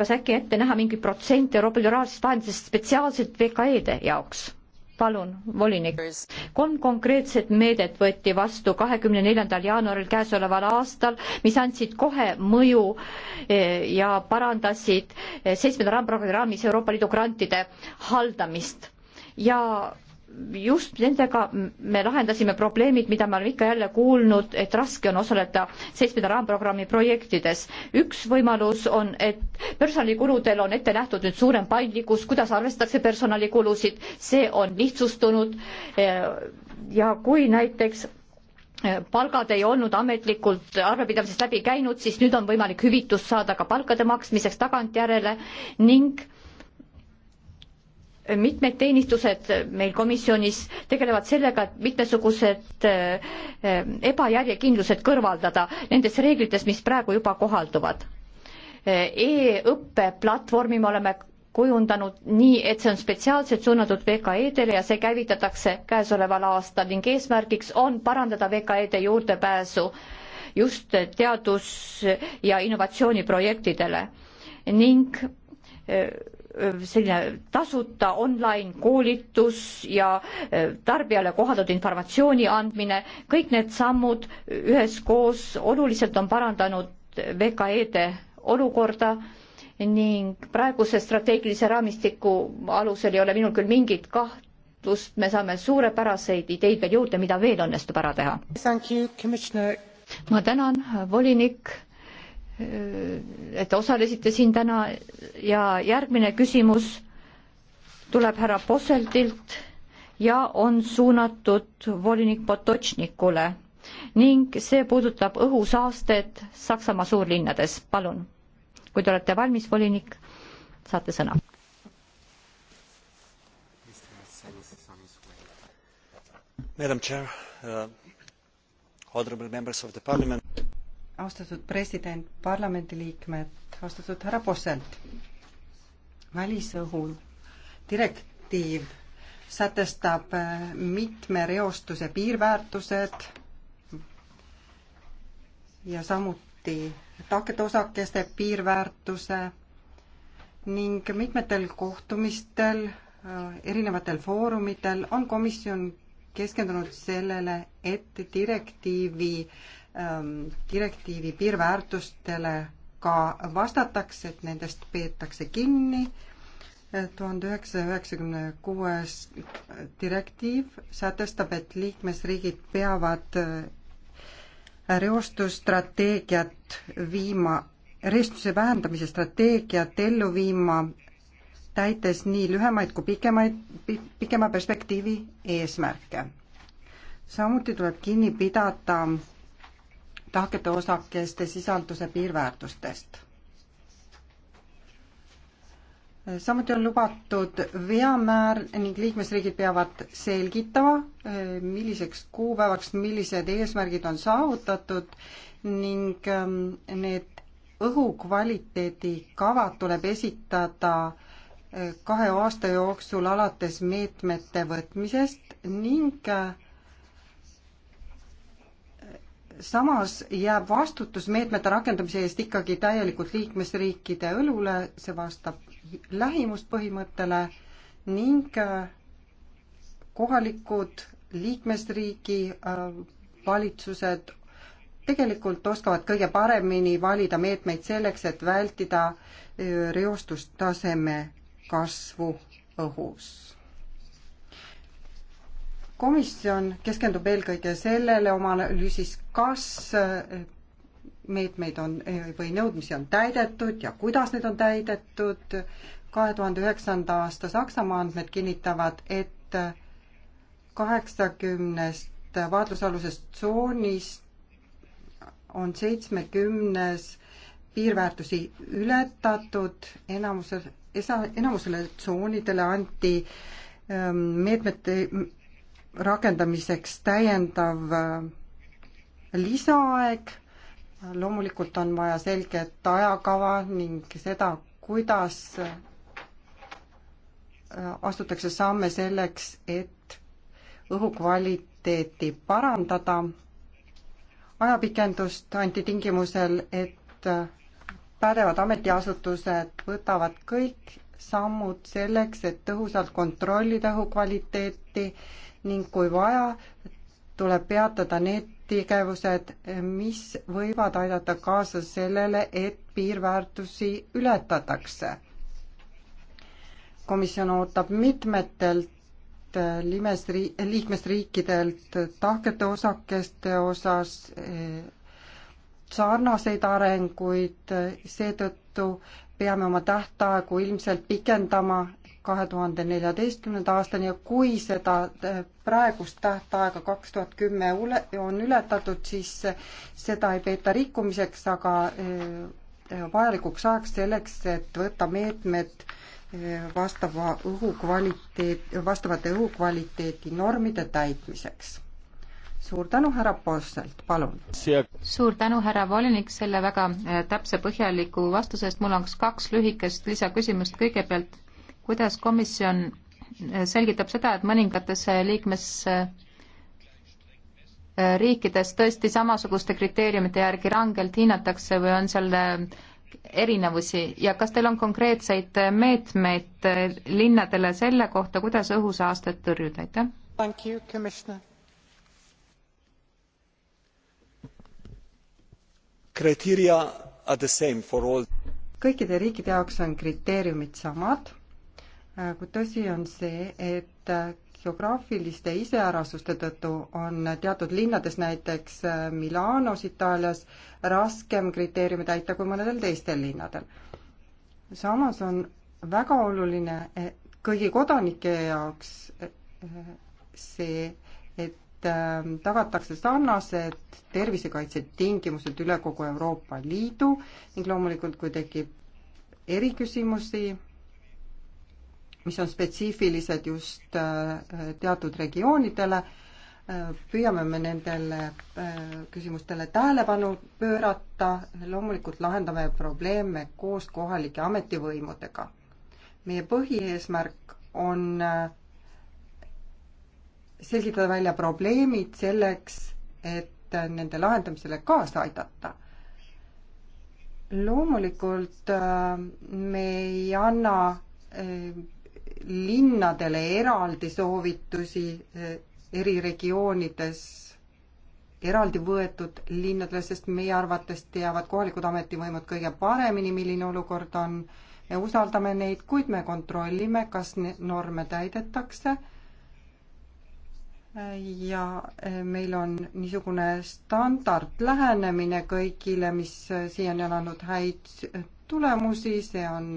kas äkki ette näha mingi protsent Euroopa Liidu rahalisest vahenditest spetsiaalselt VKE-de jaoks? palun, volinik. kolm konkreetset meedet võeti vastu kahekümne neljandal jaanuaril käesoleval aastal, mis andsid kohe mõju eh, ja parandasid eh, seitsmenda raamprogrammis Euroopa Liidu grantide haldamist ja just nendega me lahendasime probleemid, mida me oleme ikka jälle kuulnud, et raske on osaleda seitsmenda raamprogrammi projektides. üks võimalus on, et personalikuludel on ette nähtud nüüd suurem paindlikkus, kuidas arvestatakse personalikulusid, see on lihtsustunud eh, ja kui näiteks eh, palgad ei olnud ametlikult arvepidamisest läbi käinud, siis nüüd on võimalik hüvitust saada ka palkade maksmiseks tagantjärele ning mitmed teenistused meil komisjonis tegelevad sellega, et mitmesugused äh, äh, ebajärjekindlused kõrvaldada nendes reeglites, mis praegu juba kohalduvad e. Äh, e-õppeplatvormi me oleme kujundanud nii, et see on spetsiaalselt suunatud VKE-dele ja see käivitatakse käesoleval aastal ning eesmärgiks on parandada VKE-de juurdepääsu just teadus- ja innovatsiooniprojektidele ning selline tasuta online koolitus ja e, tarbijale kohaldatud informatsiooni andmine, kõik need sammud üheskoos oluliselt on parandanud VKE-de olukorda ning praeguse strateegilise raamistiku alusel ei ole minul küll mingit kahtlust, me saame suurepäraseid ideid veel juurde, mida veel õnnestub ära teha. ma tänan, volinik et osalesite siin täna ja järgmine küsimus tuleb härra Posseldilt ja on suunatud volinik Potočnikule ning see puudutab õhusaastet Saksamaa suurlinnades. palun, kui te olete valmis, volinik, saate sõna. Madam Chair uh,, honorable members of the parliament austatud president, parlamendiliikmed, austatud härra Posselt. välisõhu direktiiv sätestab äh, mitme reostuse piirväärtused ja samuti takketoosakeste piirväärtuse ning mitmetel kohtumistel, äh, erinevatel foorumitel on komisjon keskendunud sellele, et direktiivi Ähm, direktiivi piirväärtustele ka vastatakse, et nendest peetakse kinni. tuhande üheksasaja üheksakümne kuues direktiiv sätestab, et liikmesriigid peavad äh, reostusstrateegiat viima, reostuse vähendamise strateegiat ellu viima, täites nii lühemaid kui pikemaid, pikema perspektiivi eesmärke. samuti tuleb kinni pidada tahkete osakeste sisalduse piirväärtustest. samuti on lubatud veamäär ning liikmesriigid peavad selgitama, milliseks kuupäevaks millised eesmärgid on saavutatud ning ähm, need õhukvaliteedi kavad tuleb esitada äh, kahe aasta jooksul alates meetmete võtmisest ning äh, samas jääb vastutus meetmete rakendamise eest ikkagi täielikult liikmesriikide õlule, see vastab lähimuspõhimõttele ning äh, kohalikud liikmesriigi äh, valitsused tegelikult oskavad kõige paremini valida meetmeid selleks, et vältida äh, reostustaseme kasvu õhus komisjon keskendub eelkõige sellele oma analüüsis, kas eh, meetmeid on eh, või nõudmisi on täidetud ja kuidas need on täidetud. kahe tuhande üheksanda aasta Saksamaa andmed kinnitavad, et kaheksakümnest vaatlusalusest tsoonist on seitsmekümnes piirväärtusi ületatud, enamusel, enamusele tsoonidele anti ehm, meetmete rakendamiseks täiendav äh, lisaaeg, loomulikult on vaja selget ajakava ning seda, kuidas äh, astutakse samme selleks, et õhukvaliteeti parandada. ajapikendust anti tingimusel, et äh, pädevad ametiasutused võtavad kõik sammud selleks, et tõhusalt kontrollida õhukvaliteeti ning kui vaja, tuleb peatada need tegevused, mis võivad aidata kaasa sellele, et piirväärtusi ületatakse. komisjon ootab mitmetelt eh, limesri-, liikmesriikidelt tahkete osakeste osas eh, sarnaseid arenguid, eh, seetõttu peame oma tähtaegu ilmselt pikendama kahe tuhande neljateistkümnenda aastani ja kui seda äh, praegust tähtaega kaks tuhat kümme ule-, on ületatud, siis äh, seda ei peeta rikkumiseks, aga äh, vajalikuks ajaks selleks, et võtta meetmed vastava õhukvaliteet, vastavate õhukvaliteedi normide täitmiseks. suur tänu, härra Posselt, palun! suur tänu, härra volinik, selle väga täpse põhjaliku vastuse eest, mul on kaks lühikest lisaküsimust, kõigepealt kuidas komisjon äh, selgitab seda, et mõningates äh, liikmesriikides äh, tõesti samasuguste kriteeriumite järgi rangelt hinnatakse või on seal erinevusi ja kas teil on konkreetseid meetmeid linnadele selle kohta, kuidas õhusaastet tõrjuda, aitäh? kõikide riikide jaoks on kriteeriumid samad Äh, kuid tõsi on see, et äh, geograafiliste iseärasuste tõttu on teatud linnades, näiteks äh, Milanos Itaalias, raskem kriteeriumi täita kui mõnedel teistel linnadel. samas on väga oluline e, kõigi kodanike jaoks e, e, see, et ähm, tagatakse sarnased tervisekaitsetingimused üle kogu Euroopa Liidu ning loomulikult, kui tekib eriküsimusi, mis on spetsiifilised just äh, teatud regioonidele, äh, püüame me nendele äh, küsimustele tähelepanu pöörata, loomulikult lahendame probleeme koos kohalike ametivõimudega. meie põhieesmärk on selgitada välja probleemid selleks, et nende lahendamisele kaasa aidata. loomulikult me ei anna linnadele eraldi soovitusi eh, eri regioonides, eraldi võetud linnadele, sest meie arvates teavad kohalikud ametivõimud kõige paremini, milline olukord on. me usaldame neid, kuid me kontrollime, kas norme täidetakse ja eh, meil on niisugune standardlähenemine kõigile, mis eh, siiani on andnud häid tulemusi, see on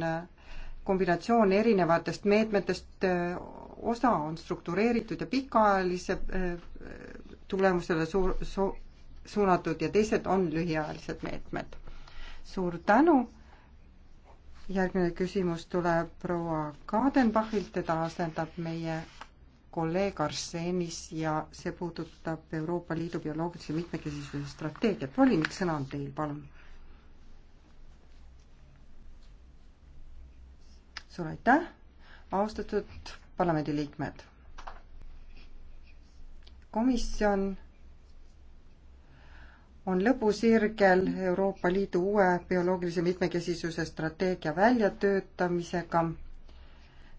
kombinatsioon erinevatest meetmetest, äh, osa on struktureeritud ja pikaajalise äh, tulemusele suur, su-, suunatud ja teised on lühiajalised meetmed. suur tänu, järgmine küsimus tuleb proua Kadenbachilt, teda asendab meie kolleeg Arsenis ja see puudutab Euroopa Liidu bioloogilise mitmekesisuse strateegiat. volinik, sõna on teil, palun suur aitäh, austatud parlamendiliikmed. komisjon on lõpusirgel Euroopa Liidu uue bioloogilise mitmekesisuse strateegia väljatöötamisega.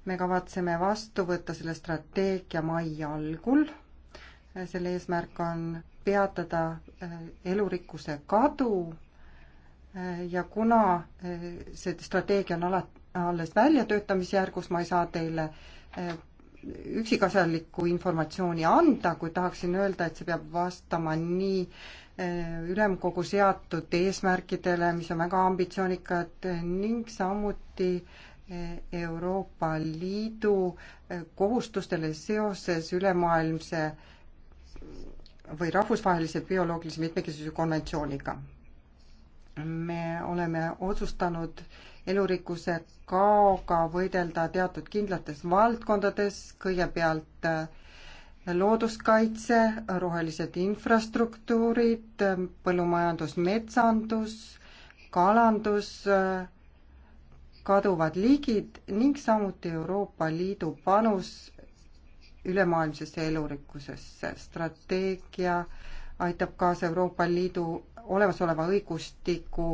me kavatseme vastu võtta selle strateegia mai algul. selle eesmärk on peatada äh, elurikkuse kadu äh, ja kuna äh, see strateegia on alati alles väljatöötamisjärgus, ma ei saa teile eh, üksikasjalikku informatsiooni anda, kuid tahaksin öelda, et see peab vastama nii eh, ülemkogu seatud eesmärkidele, mis on väga ambitsioonikad eh, ning samuti Euroopa Liidu kohustustele seoses ülemaailmse või rahvusvahelise bioloogilise mitmekesisuse konventsiooniga. me oleme otsustanud äh, elurikkuse kaoga võidelda teatud kindlates valdkondades, kõigepealt äh, looduskaitse, rohelised infrastruktuurid, äh, põllumajandus, metsandus, kalandus, äh, kaduvad liigid ning samuti Euroopa Liidu panus ülemaailmsesse elurikkusesse. strateegia aitab kaasa Euroopa Liidu olemasoleva õigustiku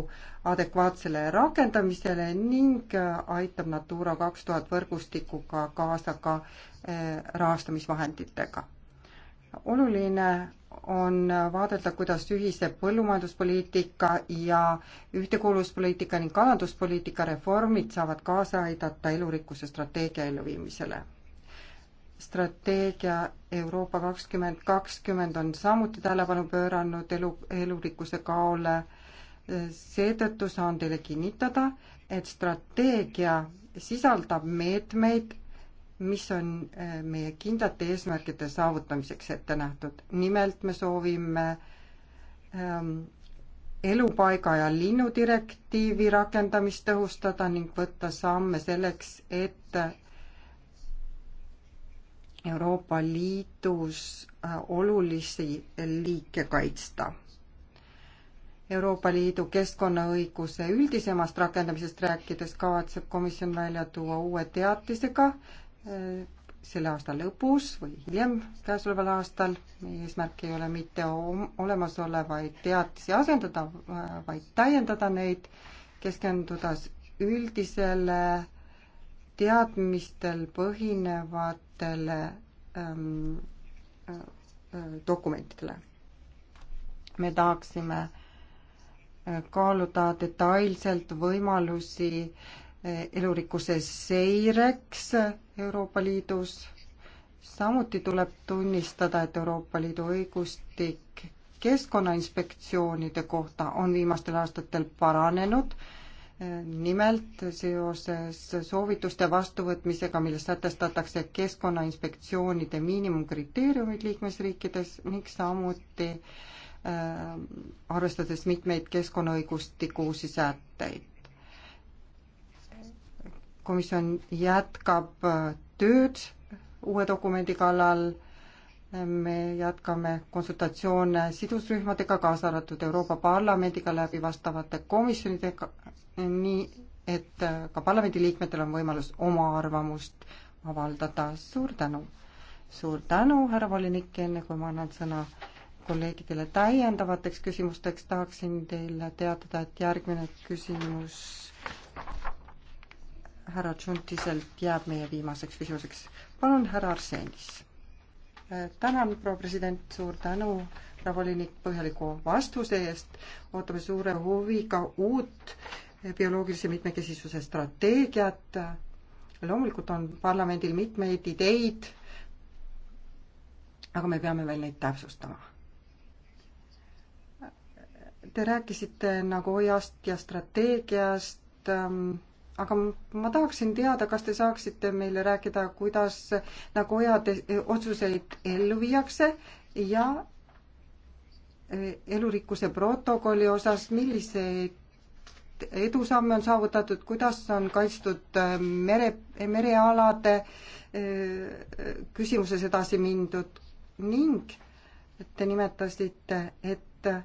adekvaatsele rakendamisele ning aitab Natura kaks tuhat võrgustikuga kaasa ka eh, rahastamisvahenditega. oluline on vaadelda, kuidas ühise põllumajanduspoliitika ja ühtekuuluvuspoliitika ning kalanduspoliitika reformid saavad kaasa aidata elurikkuse strateegia elluviimisele strateegia Euroopa kakskümmend kakskümmend on samuti tähelepanu pööranud elu, elurikkuse kaole. seetõttu saan teile kinnitada, et strateegia sisaldab meetmeid, mis on eh, meie kindlate eesmärkide saavutamiseks ette nähtud. nimelt me soovime ähm, elupaiga ja linnudirektiivi rakendamist tõhustada ning võtta samme selleks, et Euroopa Liidus äh, olulisi liike kaitsta. Euroopa Liidu keskkonnaõiguse üldisemast rakendamisest rääkides kavatseb komisjon välja tuua uue teatisega äh, selle aasta lõpus või hiljem käesoleval aastal. meie eesmärk ei ole mitte olemasolevaid teatisi asendada, äh, vaid täiendada neid, keskendudes üldisele teadmistel põhinevat erinevatele ähm, äh, äh, dokumentidele. me tahaksime äh, kaaluda detailselt võimalusi äh, elurikkuse seireks Euroopa Liidus. samuti tuleb tunnistada, et Euroopa Liidu õigustik keskkonnainspektsioonide kohta on viimastel aastatel paranenud nimelt seoses soovituste vastuvõtmisega, milles sätestatakse keskkonnainspektsioonide miinimumkriteeriumid liikmesriikides ning samuti äh, arvestades mitmeid keskkonnaõigustikuusi sätteid. komisjon jätkab äh, tööd uue dokumendi kallal me jätkame konsultatsioone sidusrühmadega, kaasa arvatud Euroopa Parlamendiga läbi vastavate komisjonidega, nii et äh, ka parlamendiliikmetel on võimalus oma arvamust avaldada. suur tänu! suur tänu, härra volinik, enne kui ma annan sõna kolleegidele täiendavateks küsimusteks, tahaksin teile teatada, et järgmine küsimus härra Tšuntiselt jääb meie viimaseks küsimuseks. palun, härra Arsenis. Äh, tänan, proua president, suur tänu, härra volinik, põhjaliku vastuse eest. ootame suure huviga uut bioloogilise mitmekesisuse strateegiat. loomulikult on parlamendil mitmeid ideid, aga me peame veel neid täpsustama. Te rääkisite Nagoyast ja strateegiast, ähm, aga ma tahaksin teada, kas te saaksite meile rääkida, kuidas Nagoya otsuseid ellu viiakse ja äh, elurikkuse protokolli osas, milliseid edusamme on saavutatud, kuidas on kaitstud äh, mere, merealade äh, küsimuses edasi mindud ning te nimetasite, et äh,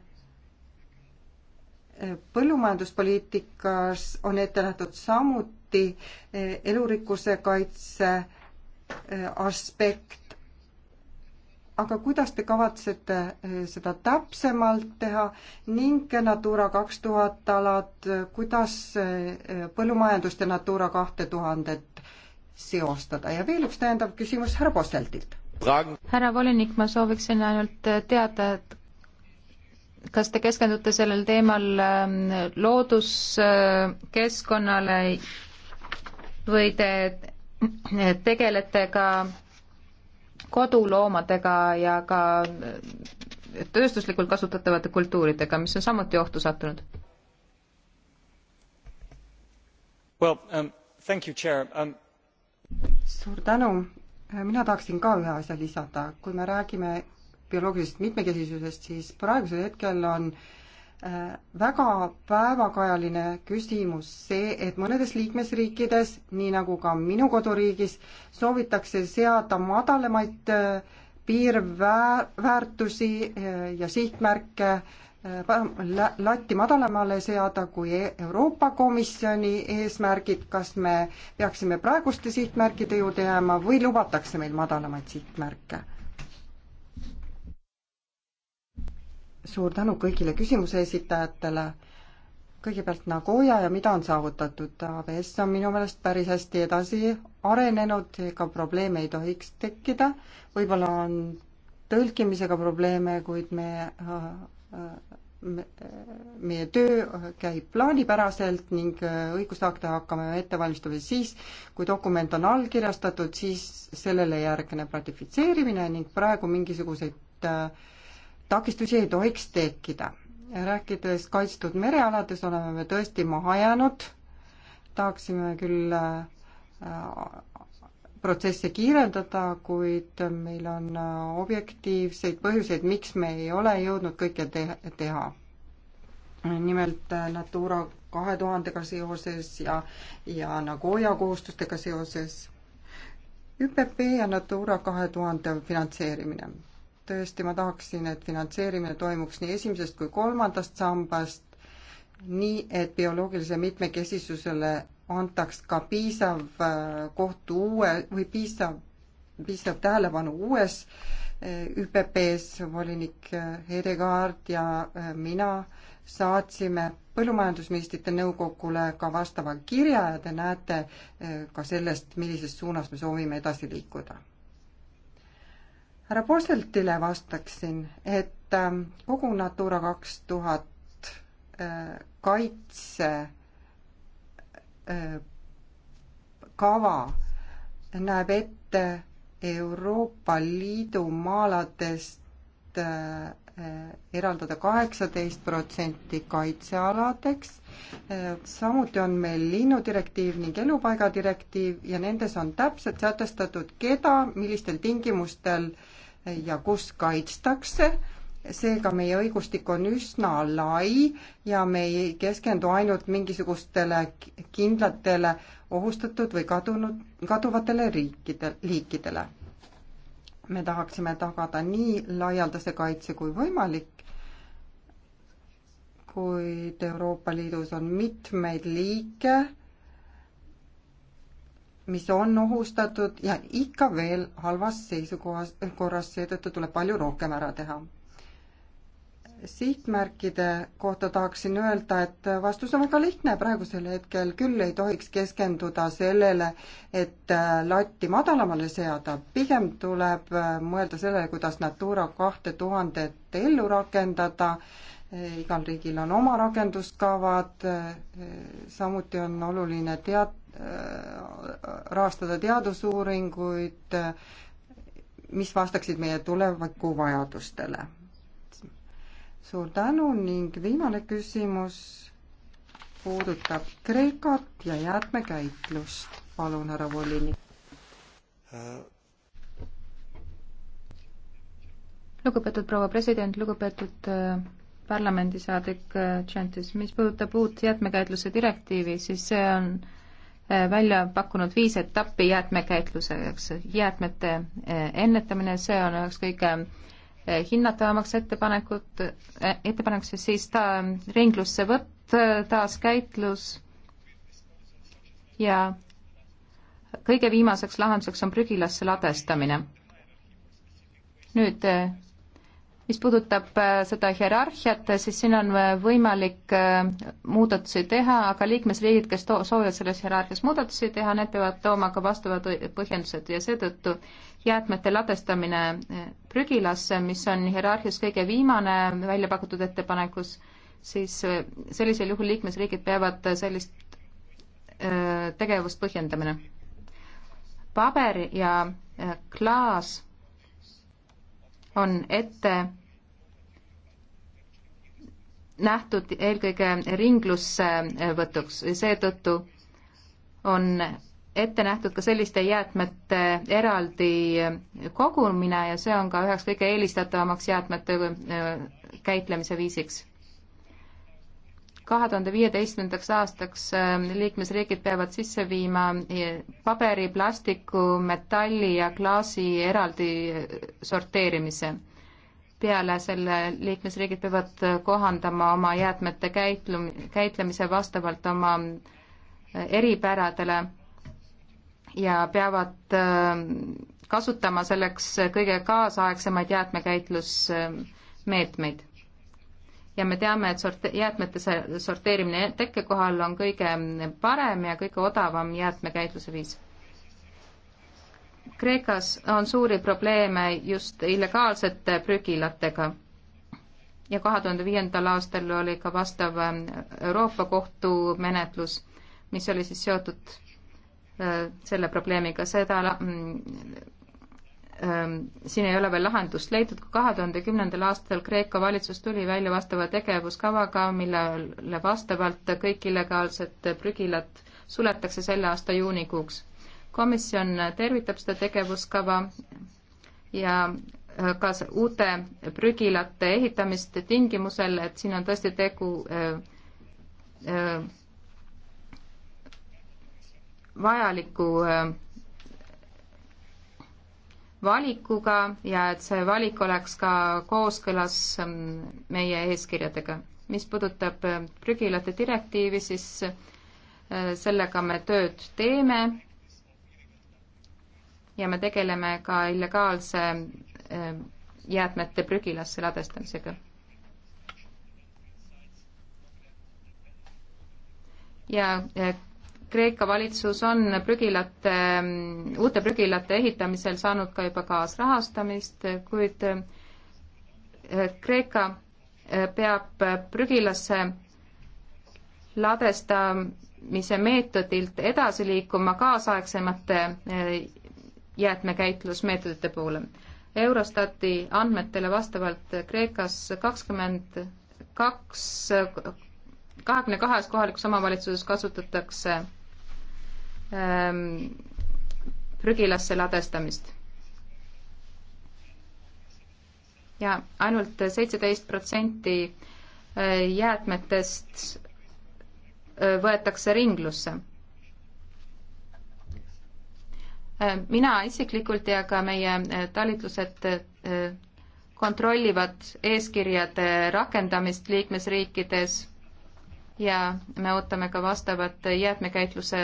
põllumajanduspoliitikas on ette nähtud samuti elurikkuse kaitse aspekt aga kuidas te kavatsete eh, seda täpsemalt teha ning Natura kaks tuhat alad, kuidas eh, põllumajandust ja Natura kahte tuhandet seostada ja veel üks täiendav küsimus härra Posteltilt. härra volinik, ma sooviksin ainult eh, teada, et kas te keskendute sellel teemal ehm, looduskeskkonnale või te tegelete ka koduloomadega ja ka tööstuslikult kasutatavate kultuuridega, mis on samuti ohtu sattunud well,? Um, um... suur tänu, mina tahaksin ka ühe asja lisada, kui me räägime bioloogilisest mitmekesisusest, siis praegusel hetkel on äh, Äh, väga päevakajaline küsimus see, et mõnedes liikmesriikides, nii nagu ka minu koduriigis, soovitakse seada madalamaid äh, piirväärtusi äh, ja sihtmärke latti madalamale seada kui e-, Euroopa Komisjoni eesmärgid, kas me peaksime praeguste sihtmärkide juurde jääma või lubatakse meil madalamaid sihtmärke? suur tänu kõigile küsimuse esitajatele. kõigepealt Nagoya ja mida on saavutatud? ABS on minu meelest päris hästi edasi arenenud, ega probleeme ei tohiks tekkida. võib-olla on tõlkimisega probleeme, kuid me, äh, äh, me, meie töö käib plaanipäraselt ning äh, õigusakte hakkame ette valmistama siis, kui dokument on allkirjastatud, siis sellele järgneb ratifitseerimine ning praegu mingisuguseid äh, takistusi ei tohiks tekkida. rääkides kaitstud merealades, oleme me tõesti maha jäänud, tahaksime küll äh, protsesse kiirendada, kuid meil on äh, objektiivseid põhjuseid, miks me ei ole jõudnud kõike te teha. nimelt äh, Natura kahe tuhandega seoses ja, ja Nagoya kohustustega seoses. ÜPP ja Natura kahe tuhande finantseerimine tõesti ma tahaksin, et finantseerimine toimuks nii esimesest kui kolmandast sambast, nii et bioloogilise mitmekesisusele antaks ka piisav äh, koht uue või piisav, piisav tähelepanu uues äh, ÜPP-s volinik äh, Hedegaard ja mina saatsime põllumajandusministrite nõukogule ka vastava kirja ja te näete ka sellest, millises suunas me soovime edasi liikuda härra Posseltile vastaksin, et ähm, kogu Natura kaks tuhat äh, kaitse äh, kava näeb ette Euroopa Liidu maaladest äh, eraldada kaheksateist protsenti kaitsealadeks. samuti on meil linnudirektiiv ning elupaigadirektiiv ja nendes on täpselt sätestatud, keda, millistel tingimustel äh, ja kus kaitstakse. seega meie õigustik on üsna lai ja me ei keskendu ainult mingisugustele kindlatele ohustatud või kadunud, kaduvatele riikide, liikidele. me tahaksime tagada nii laialdase kaitse kui võimalik, kuid Euroopa Liidus on mitmeid liike mis on ohustatud ja ikka veel halvas seisukohas, korras, seetõttu tuleb palju rohkem ära teha. sihtmärkide kohta tahaksin öelda, et vastus on väga lihtne, praegusel hetkel küll ei tohiks keskenduda sellele, et äh, latti madalamale seada, pigem tuleb äh, mõelda sellele, kuidas Natura kahte tuhandet ellu rakendada, äh, igal riigil on oma rakenduskavad, samuti on oluline tead-, Äh, rahastada teadusuuringuid, mis vastaksid meie tuleviku vajadustele. suur tänu ning viimane küsimus puudutab Kreekat ja jäätmekäitlust. palun, härra volinik. lugupeetud proua president, lugupeetud äh, parlamendisaadik Tšentis, äh, mis puudutab uut jäätmekäitluse direktiivi, siis see on äh, Äh, välja pakkunud viis etappi jäätmekäitluseks. jäätmete äh, ennetamine, see on üks kõige äh, hinnatavamaks ettepanekut, ettepanekuks siis ta ringlusse võtt, taaskäitlus ja kõige viimaseks lahenduseks on prügilasse ladestamine. nüüd mis puudutab äh, seda hierarhiat, äh, siis siin on äh, võimalik muudatusi teha, aga liikmesriigid, kes to-, soovivad selles hierarhias muudatusi teha, need peavad tooma ka vastavad põhjendused ja seetõttu jäätmete ladestamine prügilasse, mis on hierarhias kõige viimane välja pakutud ettepanekus, siis sellisel juhul liikmesriigid peavad sellist tegevust põhjendamine. paber ja klaas on ette nähtud eelkõige ringlussevõtuks, seetõttu on ette nähtud ka selliste jäätmete eraldi kogumine ja see on ka üheks kõige eelistatavamaks jäätmete äh, käitlemise viisiks. kahe tuhande viieteistkümnendaks aastaks äh, liikmesriigid peavad sisse viima äh, paberi, plastiku, metalli ja klaasi eraldi sorteerimise peale selle liikmesriigid peavad kohandama oma jäätmete käitlum-, käitlemise vastavalt oma äh, eripäradele ja peavad äh, kasutama selleks kõige kaasaegsemaid jäätmekäitlusmeetmeid. ja me teame, et sorte-, jäätmete sorteerimine tekkekohal on kõige parem ja kõige odavam jäätmekäitluse viis Kreekas on suuri probleeme just illegaalsete prügilatega ja kahe tuhande viiendal aastal oli ka vastav ähm, Euroopa Kohtu menetlus, mis oli siis seotud äh, selle probleemiga, seda mm, ähm, siin ei ole veel lahendust leitud, kui kahe tuhande kümnendal aastal Kreeka valitsus tuli välja vastava tegevuskavaga, millele vastavalt kõik illegaalsed prügilad suletakse selle aasta juunikuuks komisjon tervitab seda tegevuskava ja äh, ka uute prügilate ehitamist tingimusel, et siin on tõesti tegu äh, äh, vajaliku valikuga ja et see valik oleks ka kooskõlas ähm, meie eeskirjadega. mis puudutab prügilate direktiivi, siis sellega me tööd teeme ja me tegeleme ka illegaalse eh, jäätmete prügilasse ladestamisega. ja eh, Kreeka valitsus on prügilate, mm, uute prügilate ehitamisel saanud ka juba kaasrahastamist, kuid eh, Kreeka peab prügilasse ladestamise meetodilt edasi liikuma kaasaegsemate jäätmekäitlusmeetodite poole. Eurostati andmetele vastavalt Kreekas kakskümmend kaks, kahekümne kahes kohalikus omavalitsuses kasutatakse ähm, prügilasse ladestamist. ja ainult seitseteist protsenti äh, jäätmetest äh, võetakse ringlusse Äh, mina isiklikult ja ka meie äh, talitlused äh, kontrollivad eeskirjade rakendamist liikmesriikides ja me ootame ka vastavat jäätmekäitluse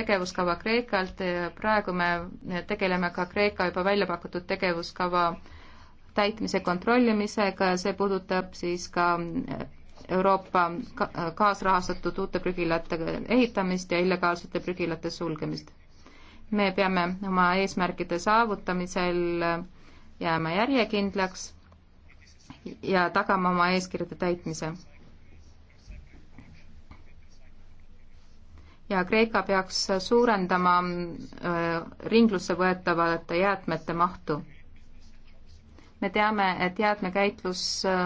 tegevuskava Kreekalt. praegu me tegeleme ka Kreeka juba välja pakutud tegevuskava täitmise kontrollimisega ja see puudutab siis ka Euroopa kaasrahastatud uute prügilate ehitamist ja illegaalsete prügilate sulgemist me peame oma eesmärkide saavutamisel jääma järjekindlaks ja tagama oma eeskirjade täitmise. ja Kreeka peaks suurendama ringlusse võetavate jäätmete mahtu. me teame, et jäätmekäitlus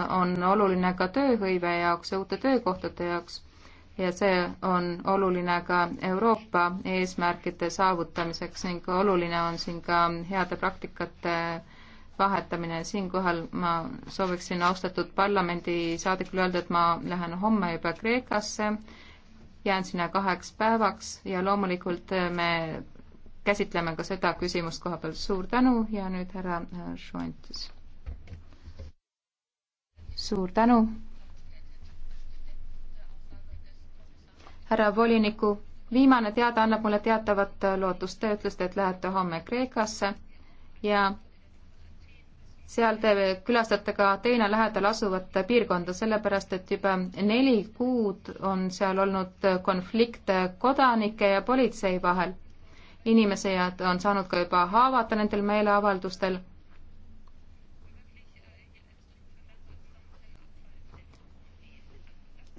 on oluline ka tööhõive jaoks ja uute töökohtade jaoks ja see on oluline ka Euroopa eesmärkide saavutamiseks ning oluline on siin ka heade praktikate vahetamine. siinkohal ma sooviksin austatud parlamendisaadikule öelda, et ma lähen homme juba Kreekasse, jään sinna kaheks päevaks ja loomulikult me käsitleme ka seda küsimust koha peal. suur tänu ja nüüd härra Šuantis. suur tänu härra voliniku viimane teade annab mulle teatavat lootust. Te ütlesite, et lähete homme Kreekasse ja seal te külastate ka teine lähedal asuvat piirkonda, sellepärast et juba neli kuud on seal olnud konflikte kodanike ja politsei vahel. inimesed on saanud ka juba haavata nendel meeleavaldustel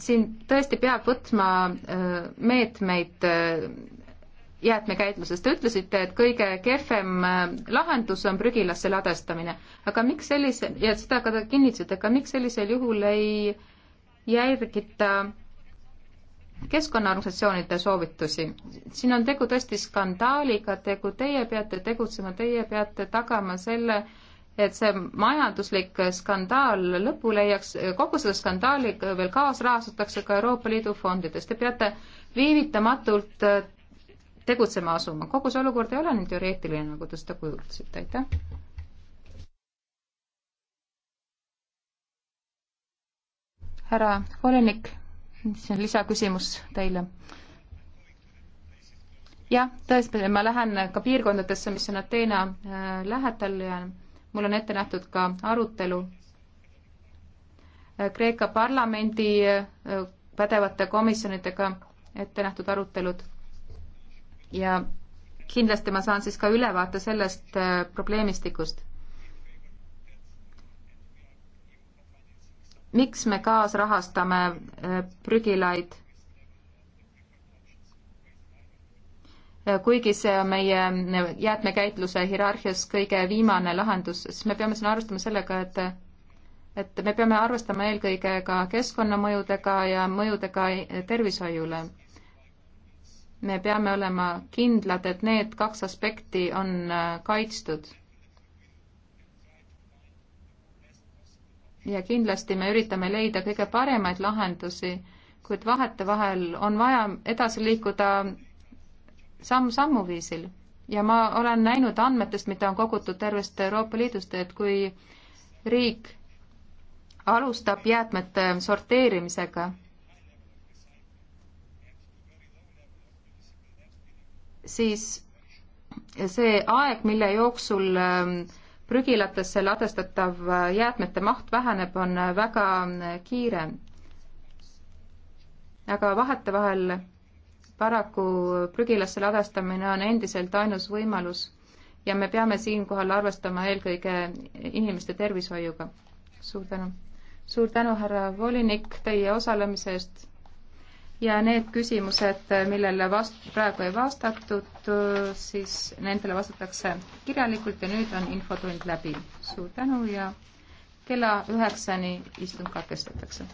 siin tõesti peab võtma äh, meetmeid äh, jäätmekäitluses. Te ütlesite, et kõige kehvem äh, lahendus on prügilasse ladestamine, aga miks sellise, ja seda ka te kinnitasite, aga miks sellisel juhul ei järgita keskkonnaorganisatsioonide soovitusi? siin on tegu tõesti skandaaliga, tegu, teie peate tegutsema, teie peate tagama selle, et see majanduslik skandaal lõpu leiaks, kogu seda skandaali veel kaasrahastatakse ka Euroopa Liidu fondidest. Te peate viivitamatult äh, tegutsema asuma. kogu see olukord ei ole nii teoreetiline, nagu te seda kujutasite, aitäh. härra volinik, see on lisaküsimus teile jah, tõesti, ma lähen ka piirkondadesse, mis on Ateena äh, lähedal ja mul on ette nähtud ka arutelu äh, Kreeka parlamendi äh, pädevate komisjonidega ette nähtud arutelud ja kindlasti ma saan siis ka ülevaate sellest äh, probleemistikust. miks me kaasrahastame prügilaid kuigi see on meie jäätmekäitluse hierarhias kõige viimane lahendus, siis me peame siin arvestama sellega, et et me peame arvestama eelkõige ka keskkonnamõjudega ja mõjudega tervishoiule. me peame olema kindlad, et need kaks aspekti on äh, kaitstud. ja kindlasti me üritame leida kõige paremaid lahendusi, kuid vahetevahel on vaja edasi liikuda samm-sammu viisil ja ma olen näinud andmetest, mida on kogutud tervest Euroopa Liidust, et kui riik alustab jäätmete sorteerimisega, siis see aeg, mille jooksul ähm, prügilatesse ladestatav äh, jäätmete maht väheneb, on äh, väga äh, kiire. aga vahetevahel paraku prügilasse ladestamine on endiselt ainus võimalus ja me peame siinkohal arvestama eelkõige inimeste tervishoiuga. suur tänu. suur tänu, härra volinik, teie osalemise eest. ja need küsimused, millele vast-, praegu ei vastatud, siis nendele vastatakse kirjalikult ja nüüd on infotund läbi. suur tänu ja kella üheksani istung katkestatakse.